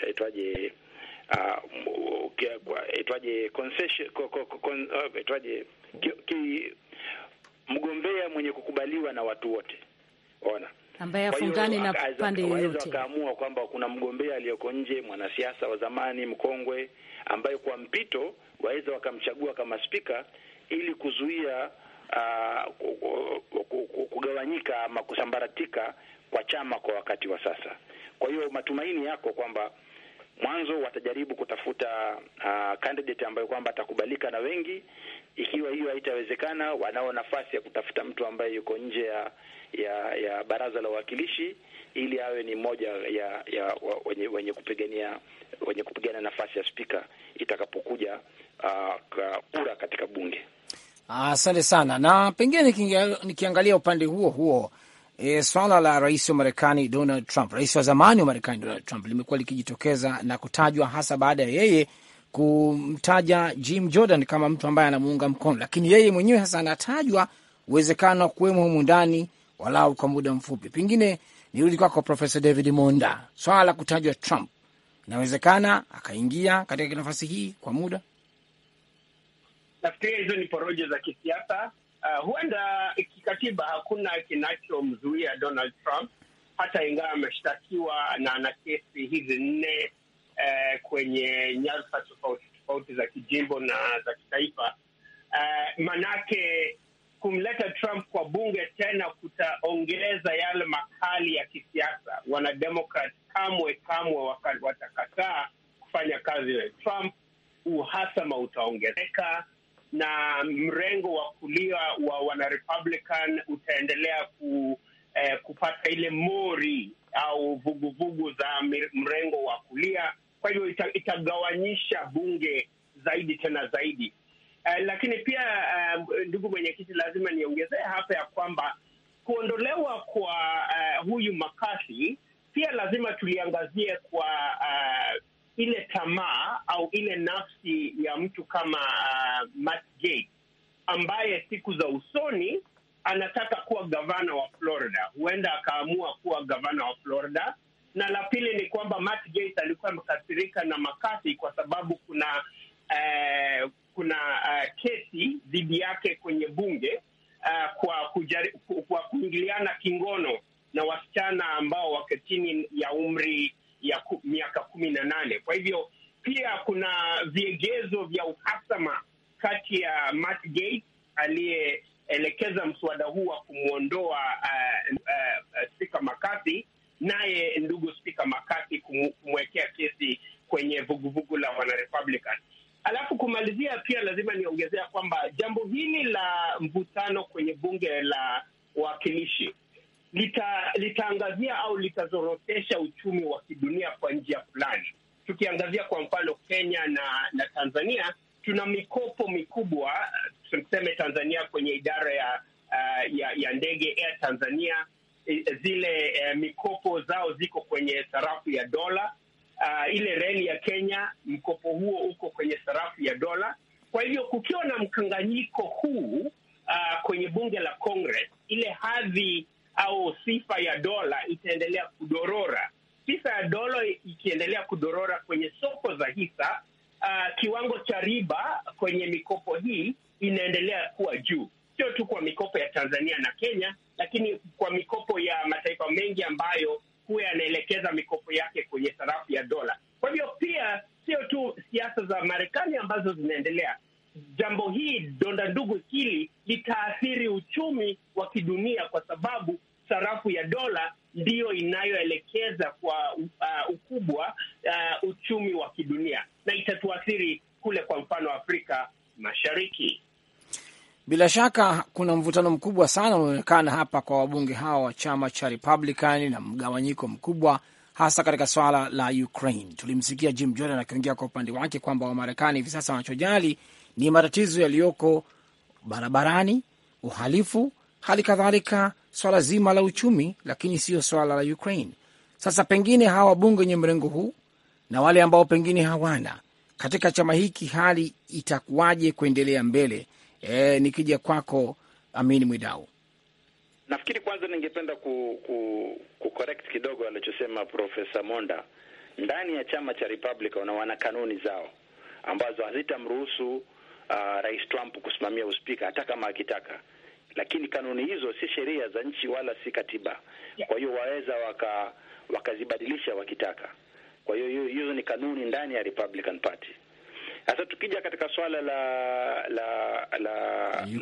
aitwaje uh, aitwaje uh, aitwaje mgombea mwenye kukubaliwa na watu wote. Ona, ambaye afungani na pande yoyote. wakaamua kwamba kuna mgombea aliyoko nje, mwanasiasa wa zamani mkongwe, ambaye kwa mpito waweza wakamchagua kama spika ili kuzuia uh, kugawanyika ama kusambaratika kwa chama kwa wakati wa sasa. Kwa hiyo matumaini yako kwamba mwanzo watajaribu kutafuta uh, candidate ambayo kwamba atakubalika na wengi. Ikiwa hiyo haitawezekana, wanao nafasi ya kutafuta mtu ambaye yuko nje ya, ya ya baraza la wawakilishi ili awe ni mmoja ya, ya wenye, wenye kupigania wenye kupigana nafasi ya spika itakapokuja uh, kura katika bunge. Asante sana. Na pengine nikiangalia upande huo huo E, swala la rais wa Marekani Donald Trump, rais wa zamani wa Marekani Donald Trump limekuwa likijitokeza na kutajwa hasa baada ya yeye kumtaja Jim Jordan kama mtu ambaye anamuunga mkono, lakini yeye mwenyewe sasa anatajwa uwezekano wa kuwemo humu ndani walau kwa muda mfupi. Pengine nirudi kwako Profesa David Monda, swala la kutajwa Trump inawezekana akaingia katika nafasi hii kwa muda. Nafikiri hizo ni poroja za kisiasa Uh, huenda kikatiba hakuna kinachomzuia Donald Trump hata ingawa ameshtakiwa na ana kesi hizi nne uh, kwenye nyarfa tofauti tofauti za kijimbo na za kitaifa uh, manake kumleta Trump kwa bunge tena kutaongeza yale makali ya kisiasa. Wanademokrat kamwe kamwe watakataa kufanya kazi na Trump, uhasama utaongezeka na mrengo wa kulia wa wanarepublican utaendelea ku, eh, kupata ile mori au vuguvugu vugu za mrengo wa kulia. Kwa hivyo ita, itagawanyisha bunge zaidi tena zaidi. Eh, lakini pia uh, ndugu mwenyekiti, lazima niongezee hapa ya kwamba kuondolewa kwa uh, huyu makasi pia lazima tuliangazie kwa eh, ile tamaa au ile nafsi ya mtu kama uh, Matt Gaetz ambaye siku za usoni anataka kuwa gavana wa Florida, huenda akaamua kuwa gavana wa Florida. Na la pili ni kwamba Matt Gaetz alikuwa amekasirika na makasi kwa sababu kuna uh, kuna uh, kesi dhidi yake kwenye bunge uh, kwa kujari, kwa kuingiliana kingono na wasichana ambao wako chini ya umri ya ku, miaka kumi na nane. Kwa hivyo pia kuna viegezo vya uhasama kati ya Matt Gaetz aliyeelekeza mswada huu wa kumwondoa uh, uh, uh Spika McCarthy naye ndugu Spika McCarthy kumwekea kesi kwenye vuguvugu la wanarepublican. Alafu kumalizia pia lazima niongezea kwamba jambo hili la mvutano kwenye bunge la wawakilishi lita, litaangazia au litazorotesha uchumi wa kidunia kwa njia fulani. Tukiangazia kwa mfano Kenya na na Tanzania, tuna mikopo mikubwa, tuseme Tanzania kwenye idara ya uh, ya, ya ndege Air Tanzania, e, zile eh, mikopo zao ziko kwenye sarafu ya dola. Uh, ile reli ya Kenya, mkopo huo uko kwenye sarafu ya dola. Kwa hivyo kukiwa na mkanganyiko huu uh, kwenye bunge la Congress, ile hadhi au sifa ya dola itaendelea kudorora. Sifa ya dola ikiendelea kudorora kwenye soko za hisa, uh, kiwango cha riba kwenye mikopo hii inaendelea kuwa juu, sio tu kwa mikopo ya Tanzania na Kenya, lakini kwa mikopo ya mataifa mengi ambayo huwa yanaelekeza mikopo yake kwenye sarafu ya dola. Kwa hivyo pia sio tu siasa za Marekani ambazo zinaendelea jambo hii, donda ndugu hili litaathiri uchumi wa kidunia, kwa sababu sarafu ya dola ndiyo inayoelekeza kwa uh, ukubwa uh, uchumi wa kidunia na itatuathiri kule, kwa mfano Afrika Mashariki. Bila shaka kuna mvutano mkubwa sana unaonekana hapa kwa wabunge hawa wa chama cha Republican na mgawanyiko mkubwa hasa katika swala la Ukraine. Tulimsikia Jim Jordan akiongea kwa upande wake kwamba Wamarekani hivi sasa wanachojali ni matatizo yaliyoko barabarani, uhalifu hali kadhalika swala zima la uchumi, lakini siyo swala la Ukraine. Sasa pengine hawa wabunge wenye mrengo huu na wale ambao pengine hawana katika chama hiki, hali itakuwaje kuendelea mbele? E, nikija kwako Amin Mwidau. Nafikiri kwanza ningependa ku, ku, ku correct kidogo alichosema Profesa Monda. Ndani ya chama cha Republican wana kanuni zao ambazo hazitamruhusu uh, Rais Trump kusimamia uspika hata kama akitaka lakini kanuni hizo si sheria za nchi wala si katiba. Kwa hiyo waweza waka wakazibadilisha wakitaka. Kwa hiyo hizo ni kanuni ndani ya Republican Party. Sasa tukija katika swala la la la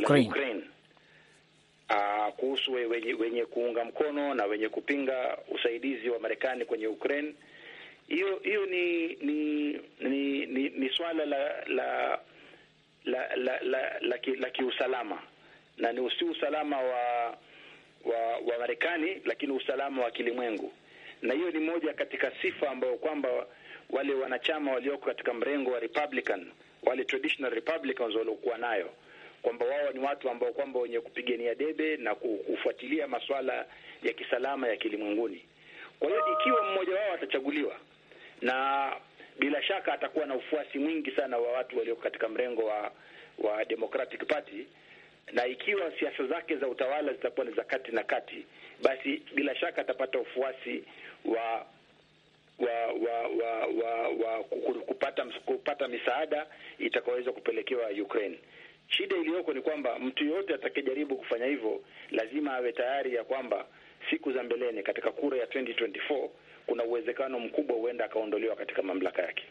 Ukraine, la Ukraine. Aa, ah, kuhusu wenye, wenye kuunga mkono na wenye kupinga usaidizi wa Marekani kwenye Ukraine, hiyo hiyo ni ni, ni ni ni swala la la la la, la, la, la, la kiusalama ki na ni si usalama wa, wa, wa Marekani lakini usalama wa kilimwengu, na hiyo ni moja katika sifa ambayo kwamba wale wanachama walioko katika mrengo wa Republican, wale traditional Republicans waliokuwa nayo kwamba wao ni watu ambao kwamba wenye kupigania debe na kufuatilia masuala ya kisalama ya kilimwenguni. Kwa hiyo ikiwa mmoja wao atachaguliwa, na bila shaka atakuwa na ufuasi mwingi sana wa watu walioko katika mrengo wa wa Democratic Party na ikiwa siasa zake za utawala zitakuwa ni za kati na kati, basi bila shaka atapata ufuasi wa wa wa wa wa, wa kupata, kupata misaada itakaoweza kupelekewa Ukraine. Shida iliyoko ni kwamba mtu yoyote atakayejaribu kufanya hivyo lazima awe tayari ya kwamba siku za mbeleni katika kura ya 2024 kuna uwezekano mkubwa huenda akaondolewa katika mamlaka yake.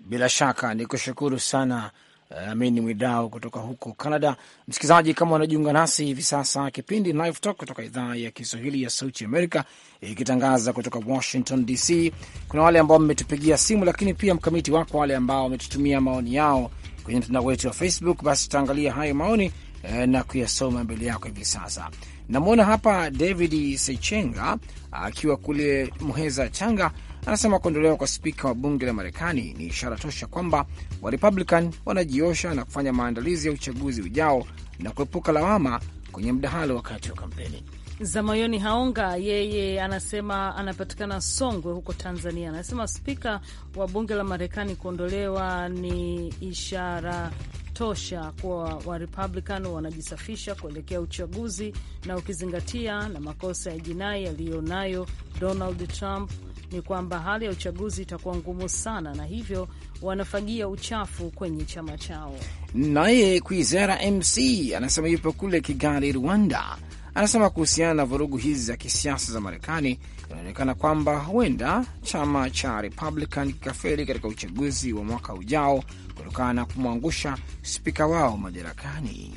Bila shaka nikushukuru sana Eh, Amini Mwidau kutoka huko Canada. Msikilizaji, kama wanajiunga nasi hivi sasa, kipindi Live Talk kutoka idhaa ya Kiswahili ya Sauti Amerika ikitangaza kutoka Washington DC. Kuna wale ambao mmetupigia simu, lakini pia mkamiti wako wale ambao wametutumia maoni yao kwenye mtandao wetu wa Facebook. Basi tutaangalia hayo maoni eh, na kuyasoma mbele yako hivi sasa. Namwona hapa David Sechenga akiwa kule Muheza changa anasema kuondolewa kwa spika wa bunge la Marekani ni ishara tosha kwamba Warepublican wanajiosha na kufanya maandalizi ya uchaguzi ujao na kuepuka lawama kwenye mdahalo wakati wa kampeni. Zamayoni Haonga yeye anasema anapatikana Songwe huko Tanzania. Anasema spika wa bunge la Marekani kuondolewa ni ishara tosha kuwa Warepublican wanajisafisha kuelekea uchaguzi, na ukizingatia na makosa ya jinai yaliyonayo Donald Trump ni kwamba hali ya uchaguzi itakuwa ngumu sana, na hivyo wanafagia uchafu kwenye chama chao. Naye Kwizera MC anasema yupo kule Kigali, Rwanda. Anasema kuhusiana na vurugu hizi za kisiasa za Marekani, inaonekana kwamba huenda chama cha Republican kikafeli katika uchaguzi wa mwaka ujao kutokana na kumwangusha spika wao madarakani.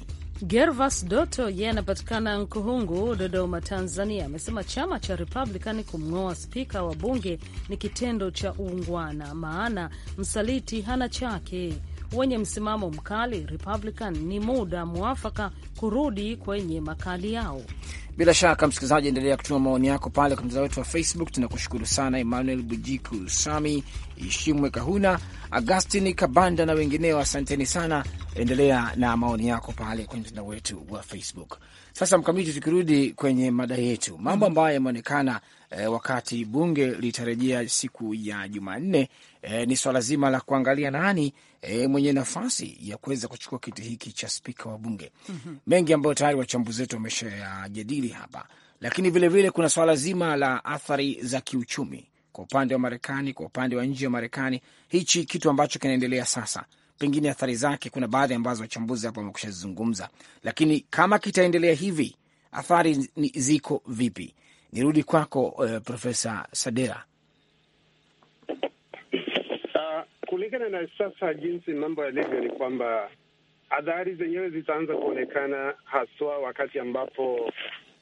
Gervas Doto yeye anapatikana Nkuhungu, Dodoma, Tanzania, amesema chama cha Republican kumng'oa spika wa bunge ni kitendo cha uungwana, maana msaliti hana chake. Wenye msimamo mkali Republican ni muda mwafaka kurudi kwenye makali yao. Bila shaka msikilizaji, endelea kutuma maoni yako pale kwa mtandao wetu wa Facebook. Tunakushukuru sana Emmanuel Bujiku, Sami Ishimwe, Kahuna Agustin Kabanda na wengineo, asanteni sana. Endelea na maoni yako pale kwenye mtandao wetu wa Facebook. Sasa Mkamiti, tukirudi kwenye mada yetu, mambo ambayo yameonekana e, wakati bunge litarejea siku ya Jumanne, e, ni swala zima la kuangalia nani e, mwenye nafasi ya kuweza kuchukua kiti hiki cha spika wa bunge. mm -hmm. Mengi ambayo tayari wachambuzi wetu wameshayajadili hapa, lakini vilevile vile kuna swala zima la athari za kiuchumi kwa upande wa Marekani, kwa upande wa nje ya Marekani, hichi kitu ambacho kinaendelea sasa pengine athari zake kuna baadhi ambazo wachambuzi hapa wamekushazizungumza, lakini kama kitaendelea hivi, athari ziko vipi? Nirudi kwako uh, Profesa Sadera. Uh, kulingana na sasa jinsi mambo yalivyo ni kwamba adhari zenyewe zitaanza kuonekana haswa wakati ambapo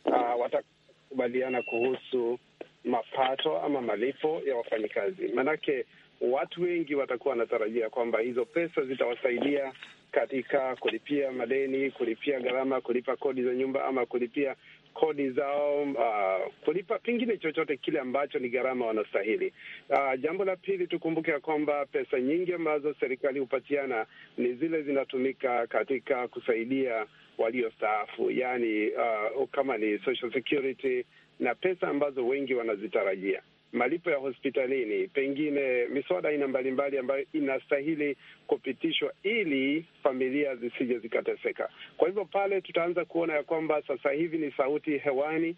uh, watakubaliana kuhusu mapato ama malipo ya wafanyikazi, maanake watu wengi watakuwa wanatarajia kwamba hizo pesa zitawasaidia katika kulipia madeni, kulipia gharama, kulipa kodi za nyumba ama kulipia kodi zao, uh, kulipa pengine chochote kile ambacho ni gharama wanastahili. Uh, jambo la pili tukumbuke ya kwamba pesa nyingi ambazo serikali hupatiana ni zile zinatumika katika kusaidia waliostaafu, yaani uh, kama ni social security na pesa ambazo wengi wanazitarajia malipo ya hospitalini, pengine miswada aina mbalimbali ambayo inastahili kupitishwa ili familia zisije zikateseka. Kwa hivyo pale tutaanza kuona ya kwamba sasa hivi ni sauti hewani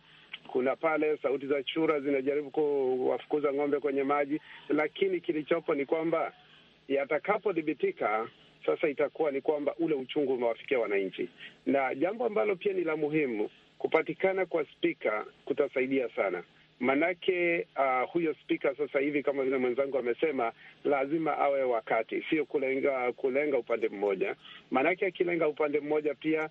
kuna pale sauti za chura zinajaribu kuwafukuza ng'ombe kwenye maji, lakini kilichopo ni kwamba yatakapodhibitika sasa, itakuwa ni kwamba ule uchungu umewafikia wananchi, na jambo ambalo pia ni la muhimu, kupatikana kwa spika kutasaidia sana. Manake uh, huyo spika sasa hivi kama vile mwenzangu amesema, lazima awe wakati, sio kulenga kulenga upande mmoja. Manake akilenga upande mmoja, pia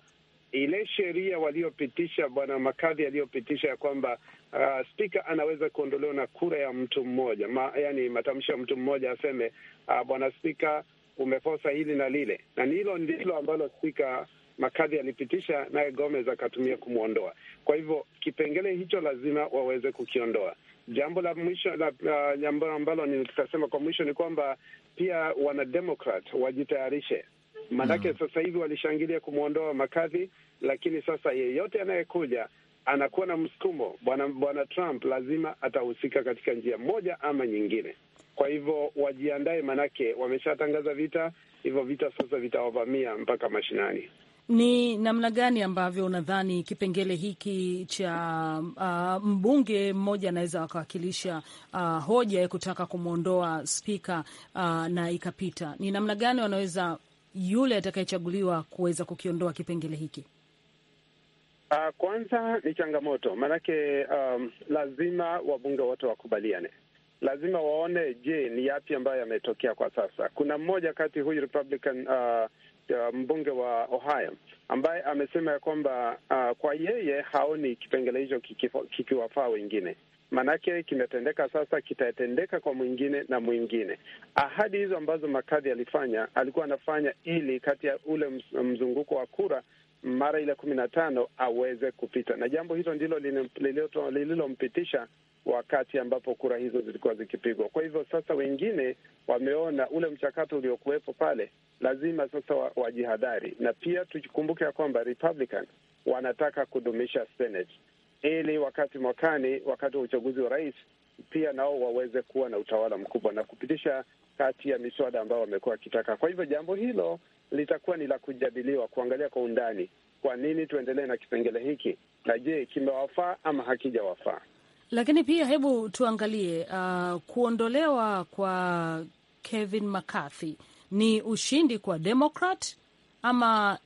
ile sheria waliopitisha, bwana Makadhi aliyopitisha ya kwamba uh, spika anaweza kuondolewa na kura ya mtu mmoja ma, yani matamshi ya mtu mmoja aseme, uh, bwana spika umekosa hili na lile, na hilo ndilo ambalo spika makadhi alipitisha naye Gomez akatumia kumwondoa. Kwa hivyo kipengele hicho lazima waweze kukiondoa. Jambo la mwisho la, uh, jambo ambalo nitasema kwa mwisho ni kwamba pia wanademokrat wajitayarishe, maanake mm. Sasa hivi walishangilia kumwondoa makadhi, lakini sasa yeyote anayekuja anakuwa na msukumo. Bwana bwana Trump lazima atahusika katika njia moja ama nyingine. Kwa hivyo wajiandae, maanake wameshatangaza vita, hivyo vita sasa vitawavamia mpaka mashinani. Ni namna gani ambavyo unadhani kipengele hiki cha uh, mbunge mmoja anaweza akawakilisha uh, hoja ya kutaka kumwondoa spika uh, na ikapita? Ni namna gani wanaweza yule atakayechaguliwa kuweza kukiondoa kipengele hiki? Uh, kwanza ni changamoto maanake, um, lazima wabunge wote wakubaliane lazima waone, je, ni yapi ambayo yametokea kwa sasa. Kuna mmoja kati huyu Republican uh, uh, mbunge wa Ohio ambaye amesema ya kwamba uh, kwa yeye haoni kipengele hicho kikiwafaa wengine maanake kimetendeka sasa, kitatendeka kwa mwingine na mwingine. Ahadi hizo ambazo makadhi alifanya alikuwa anafanya ili kati ya ule mzunguko wa kura mara ile kumi na tano aweze kupita, na jambo hilo ndilo lililompitisha wakati ambapo kura hizo zilikuwa zikipigwa. Kwa hivyo sasa, wengine wameona ule mchakato uliokuwepo pale, lazima sasa wajihadhari, na pia tukumbuke ya kwamba Republican wanataka kudumisha Senate ili wakati mwakani, wakati wa uchaguzi wa rais, pia nao waweze kuwa na utawala mkubwa na kupitisha kati ya miswada ambayo wamekuwa wakitaka. Kwa hivyo jambo hilo litakuwa ni la kujadiliwa, kuangalia kwa undani, kwa nini tuendelee na kipengele hiki, na je, kimewafaa ama hakijawafaa? Lakini pia hebu tuangalie uh, kuondolewa kwa Kevin McCarthy ni ushindi kwa demokrat ama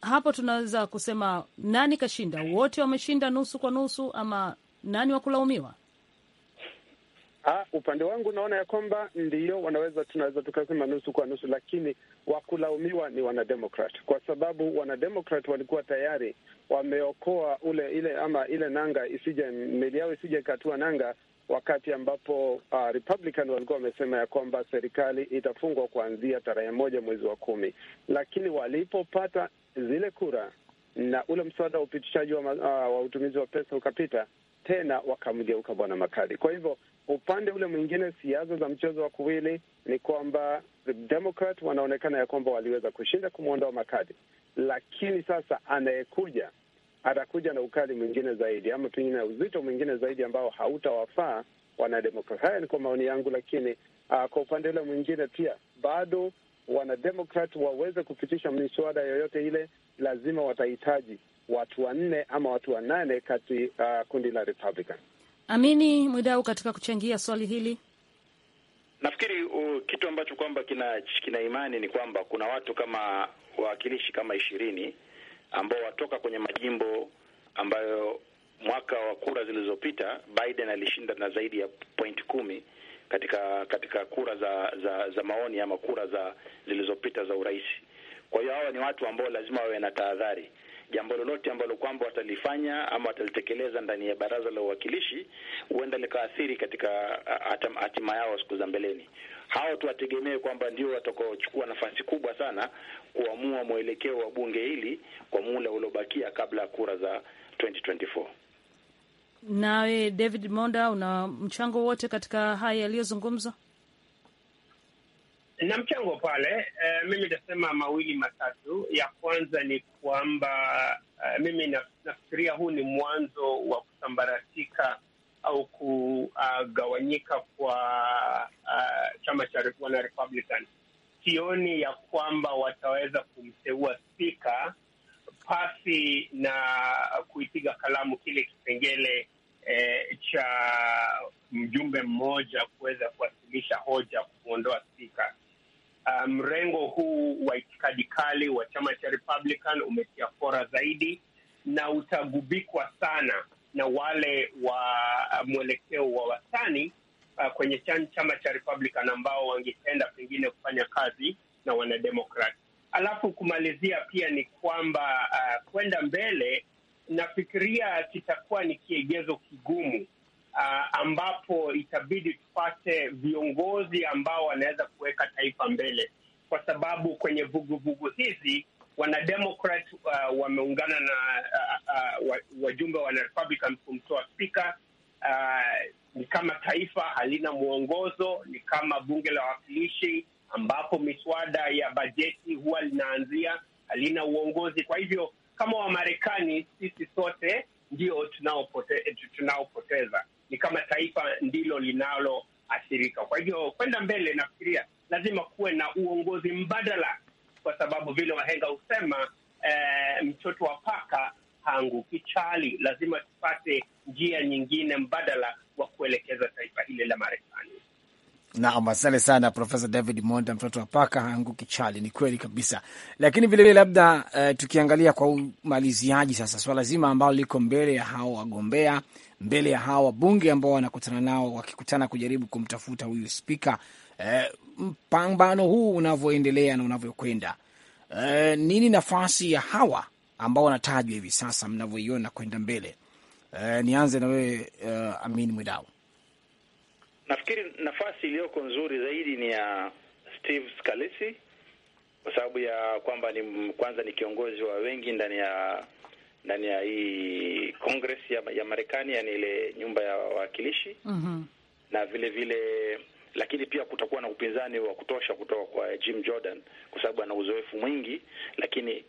hapo tunaweza kusema nani kashinda? Wote wameshinda nusu kwa nusu, ama nani wa kulaumiwa? Ha, ah, upande wangu naona ya kwamba ndiyo wanaweza, tunaweza tukasema nusu kwa nusu, lakini wakulaumiwa ni wanademokrat kwa sababu wanademokrat walikuwa tayari wameokoa ule ile ama ile nanga isije mili yao isije ikatua nanga wakati ambapo uh, Republican walikuwa wamesema ya kwamba serikali itafungwa kuanzia tarehe moja mwezi wa kumi, lakini walipopata zile kura na ule mswada wa upitishaji wa, uh, wa utumizi wa pesa ukapita tena wakamgeuka bwana Makadi. Kwa hivyo upande ule mwingine, siasa za mchezo wa kuwili ni kwamba demokrat wanaonekana ya kwamba waliweza kushinda kumwondoa Makadi, lakini sasa anayekuja atakuja na ukali mwingine zaidi, ama pengine na uzito mwingine zaidi ambao hautawafaa wanademokrat. Haya ni kwa maoni yangu, lakini uh, kwa upande ule mwingine pia bado wanademokrat waweze kupitisha miswada yoyote ile, lazima watahitaji watu wanne ama watu wanane kati uh, kundi la Republican. Amini Mwidau, katika kuchangia swali hili nafikiri uh, kitu ambacho kwamba kina, kina imani ni kwamba kuna watu kama wawakilishi kama ishirini ambao watoka kwenye majimbo ambayo mwaka wa kura zilizopita Biden alishinda na zaidi ya point kumi katika katika kura za za, za maoni ama kura za zilizopita za urais. Kwa hiyo hawa ni watu ambao lazima wawe na tahadhari jambo lolote ambalo kwamba watalifanya ama watalitekeleza ndani ya baraza la uwakilishi huenda likaathiri katika hatima yao siku za mbeleni. Hawa tuwategemee kwamba ndio watakaochukua nafasi kubwa sana kuamua mwelekeo wa bunge hili kwa muda uliobakia kabla ya kura za 2024. Nawe David Monda, una mchango wote katika haya yaliyozungumzwa? na mchango pale. Eh, mimi nitasema mawili matatu. Ya kwanza ni kwamba eh, mimi nafikiria huu ni mwanzo wa kusambaratika au kugawanyika kwa uh, chama cha wana Republican. Sioni ya kwamba wataweza kumteua spika pasi na kuipiga kalamu kile kipengele eh, cha mjumbe mmoja kuweza kuwasilisha hoja kumwondoa spika. Uh, mrengo um, huu wa itikadi kali wa chama cha Republican umetia fora zaidi na utagubikwa sana na wale wa uh, mwelekeo wa wastani uh, kwenye chama cha Republican ambao wangependa pengine kufanya kazi na wanademokrat. Alafu kumalizia pia ni kwamba uh, kwenda mbele, nafikiria kitakuwa ni kiegezo kigumu uh, ambapo itabidi tupate viongozi ambao wanaweza kuweka taifa mbele, kwa sababu kwenye vuguvugu hizi wanademokrat uh, wameungana na uh, uh, wajumbe wa wanarepublican kumtoa spika. Uh, ni kama taifa halina mwongozo, ni kama bunge la wawakilishi ambapo miswada ya bajeti huwa linaanzia halina uongozi. Kwa hivyo kama Wamarekani sisi sote ndio tunaopoteza, ni kama taifa ndilo linaloathirika. Kwa hivyo kwenda mbele, nafikiria lazima kuwe na uongozi mbadala, kwa sababu vile wahenga husema eh, mtoto wa paka haanguki chali. Lazima tupate njia nyingine mbadala wa kuelekeza taifa hili la Marekani. Naam, asante sana Profesa David Monda. Mtoto wa paka haanguki chali, ni kweli kabisa. Lakini vilevile labda, uh, tukiangalia kwa umaliziaji sasa, swala zima ambalo liko mbele ya hao wagombea mbele ya hawa wabunge ambao wanakutana nao, wakikutana kujaribu kumtafuta huyu spika. E, mpambano huu unavyoendelea na unavyokwenda, e, nini nafasi ya hawa ambao wanatajwa hivi sasa mnavyoiona kwenda mbele? E, nianze na wewe uh, Amin Mwidau. Nafikiri nafasi iliyoko nzuri zaidi ni ya Steve Scalise kwa sababu ya kwamba ni kwanza ni kiongozi wa wengi ndani ya ndani ya hii Congress ya, ya Marekani, yani ile nyumba ya wawakilishi mm -hmm. na vile vile lakini pia kutakuwa na upinzani wa kutosha kutoka kwa Jim Jordan kwa sababu ana uzoefu mwingi, lakini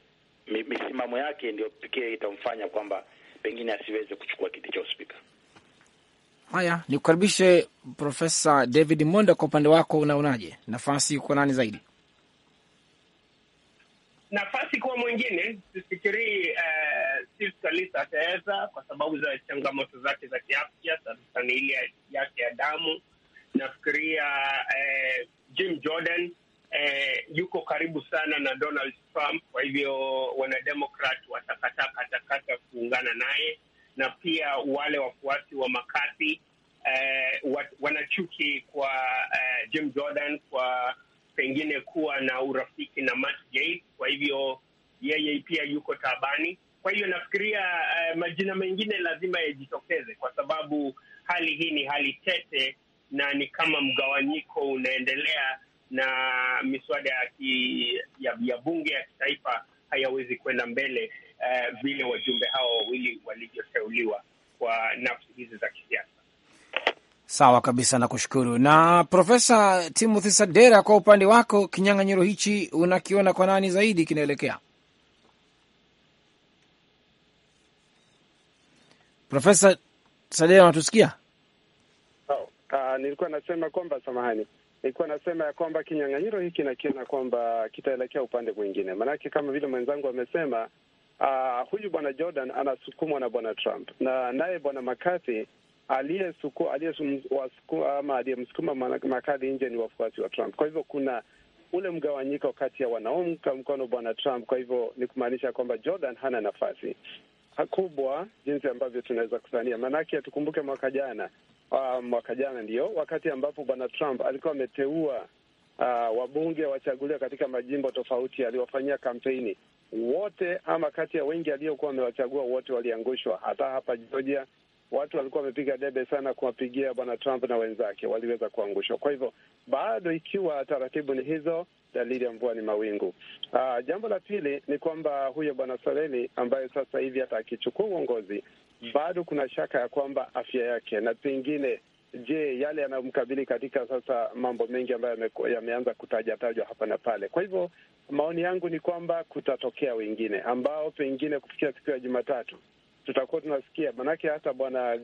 misimamo yake ndio pekee itamfanya kwamba pengine asiweze kuchukua kiti cha uspika. Haya, ni kukaribishe Profesa David Monda, kwa upande wako unaonaje nafasi kwa nani zaidi? Nafasi kwa mwingine sifikirii uh Steve Scalise ataweza kwa sababu za changamoto zake za kiafya, saratani ile yake ya damu. Nafikiria eh, Jim Jordan eh, yuko karibu sana na Donald Trump, kwa hivyo wanademokrat watakataa katakata kuungana naye, na pia wale wafuasi wa makati eh, wanachuki kwa eh, Jim Jordan kwa pengine kuwa na urafiki na Matt Gaetz, kwa hivyo yeye pia yuko taabani. Kwa hiyo nafikiria uh, majina mengine lazima yajitokeze, kwa sababu hali hii ni hali tete na ni kama mgawanyiko unaendelea, na miswada ya, ya, ya bunge ya kitaifa hayawezi kwenda mbele uh, vile wajumbe hao wawili walivyoteuliwa kwa nafsi hizi za kisiasa. Sawa kabisa, nakushukuru. Na Profesa Timothy Sadera, kwa upande wako, kinyang'anyiro hichi unakiona kwa nani zaidi kinaelekea? Profesa Sadea, anatusikia? Oh, uh, nilikuwa nasema kwamba samahani, nilikuwa nasema ya kwamba kinyang'anyiro hiki nakiona kwamba kitaelekea upande mwingine, maanake kama vile mwenzangu amesema, uh, huyu bwana Jordan anasukumwa na bwana Trump na naye bwana McCarthy ama aliyemsukuma makadhi nje ni wafuasi wa Trump. Kwa hivyo kuna ule mgawanyiko kati ya wanaomka mkono bwana Trump. Kwa hivyo ni kumaanisha kwamba Jordan hana nafasi, kubwa jinsi ambavyo tunaweza kusania. Maanake tukumbuke mwaka jana uh, mwaka jana ndio wakati ambapo bwana Trump alikuwa ameteua uh, wabunge wachaguliwa katika majimbo tofauti, aliwafanyia kampeni wote, ama kati ya wengi aliyokuwa amewachagua wote waliangushwa. Hata hapa Georgia watu walikuwa wamepiga debe sana kuwapigia bwana Trump na wenzake waliweza kuangushwa. Kwa hivyo bado ikiwa taratibu ni hizo dalili ya mvua ni mawingu. Aa, ah, jambo la pili ni kwamba huyo bwana Saleni ambaye sasa hivi hata akichukua uongozi hmm. bado kuna shaka ya kwamba afya yake na pengine je, yale yanayomkabili katika sasa mambo mengi ambayo yameanza kutajatajwa hapa na pale. Kwa hivyo maoni yangu ni kwamba kutatokea wengine ambao pengine kufikia siku ya Jumatatu tutakuwa tunasikia, manake hata bwana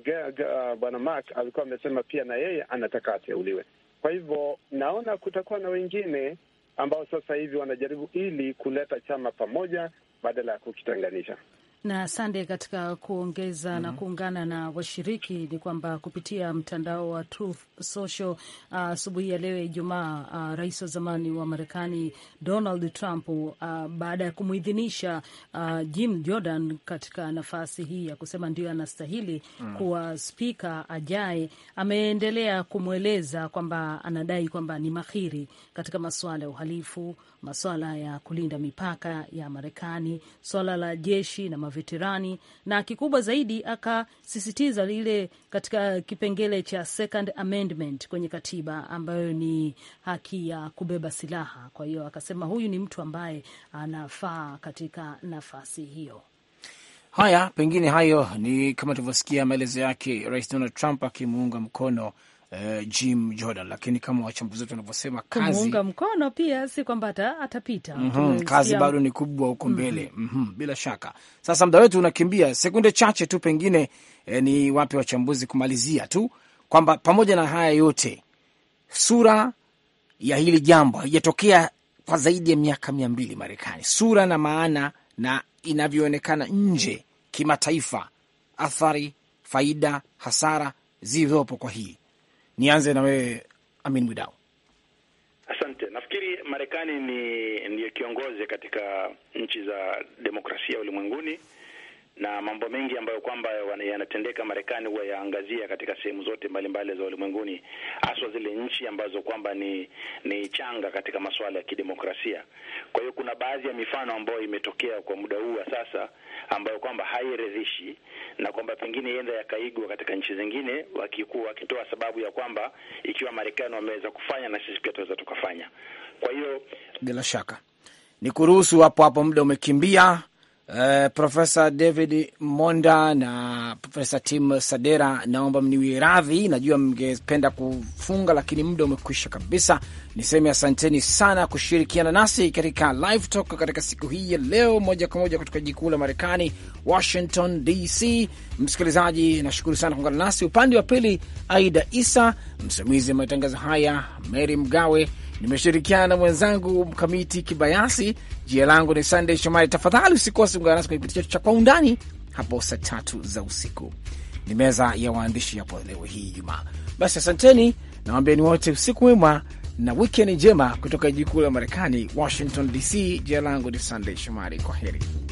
bwana Mark alikuwa amesema pia na yeye anataka ateuliwe. Kwa hivyo naona kutakuwa na wengine ambao sasa hivi wanajaribu ili kuleta chama pamoja badala ya kukitenganisha na sande. Katika kuongeza mm -hmm. na mhm. kuungana na washiriki ni kwamba kupitia mtandao wa Truth Social uh, asubuhi uh, ya leo ya Ijumaa, uh, rais wa zamani wa Marekani Donald Trump uh, baada ya kumwidhinisha uh, Jim Jordan katika nafasi hii ya kusema ndio anastahili mm -hmm. kuwa spika ajaye, ameendelea kumweleza kwamba anadai kwamba ni mahiri katika masuala ya uhalifu masuala ya kulinda mipaka ya Marekani, swala la jeshi na maveterani, na kikubwa zaidi akasisitiza lile katika kipengele cha second amendment kwenye katiba ambayo ni haki ya kubeba silaha. Kwa hiyo akasema huyu ni mtu ambaye anafaa katika nafasi hiyo. Haya, pengine hayo ni kama tulivyosikia maelezo yake Rais Donald Trump akimuunga mkono uh, Jim Jordan, lakini kama wachambuzi wetu wanavyosema kazi kumuunga mkono pia si kwamba atapita. mm -hmm, kazi bado ni kubwa huko mbele. mm -hmm. mm -hmm, bila shaka. Sasa muda wetu unakimbia, sekunde chache tu, pengine eh, ni wape wachambuzi kumalizia tu kwamba pamoja na haya yote sura ya hili jambo haijatokea kwa zaidi ya miaka mia mbili Marekani, sura na maana na inavyoonekana nje kimataifa, athari, faida, hasara zilizopo kwa hii Nianze na wewe Amin Mwidau. Asante. Nafikiri Marekani ni ndiyo kiongozi katika nchi za demokrasia ulimwenguni na mambo mengi ambayo kwamba yanatendeka Marekani huwa yaangazia katika sehemu zote mbalimbali za ulimwenguni, haswa zile nchi ambazo kwamba ni ni changa katika masuala ya kidemokrasia. Kwa hiyo kuna baadhi ya mifano ambayo imetokea kwa muda huu wa sasa ambayo kwamba hairidhishi na kwamba pengine enda yakaigwa katika nchi zingine, wakikuwa wakitoa sababu ya kwamba ikiwa Marekani wameweza kufanya na sisi pia tunaweza tukafanya. Kwa hiyo bila shaka ni kuruhusu hapo hapo, muda umekimbia. Eh, Profesa David Monda na Profesa Tim Sadera, naomba mniwie radhi, najua mngependa kufunga lakini muda umekwisha kabisa. Niseme asanteni sana kushirikiana nasi katika Live Talk katika siku hii ya leo, moja kwa moja kutoka jiji kuu la Marekani, Washington DC. Msikilizaji, nashukuru sana kuungana nasi. Upande wa pili, Aida Isa msimamizi wa matangazo haya, Mary Mgawe nimeshirikiana na mwenzangu Mkamiti Kibayasi. Jina langu ni Sandey Shomari. Tafadhali usikose ungana nasi kwenye kipindi chetu cha Kwa Undani hapo saa tatu za usiku. Ni meza ya waandishi hapo leo hii Jumaa. Basi asanteni, nawambieni wote usiku mwema na wikendi njema, kutoka jiji kuu la Marekani, Washington DC. Jina langu ni Sandey Shomari. Kwa heri.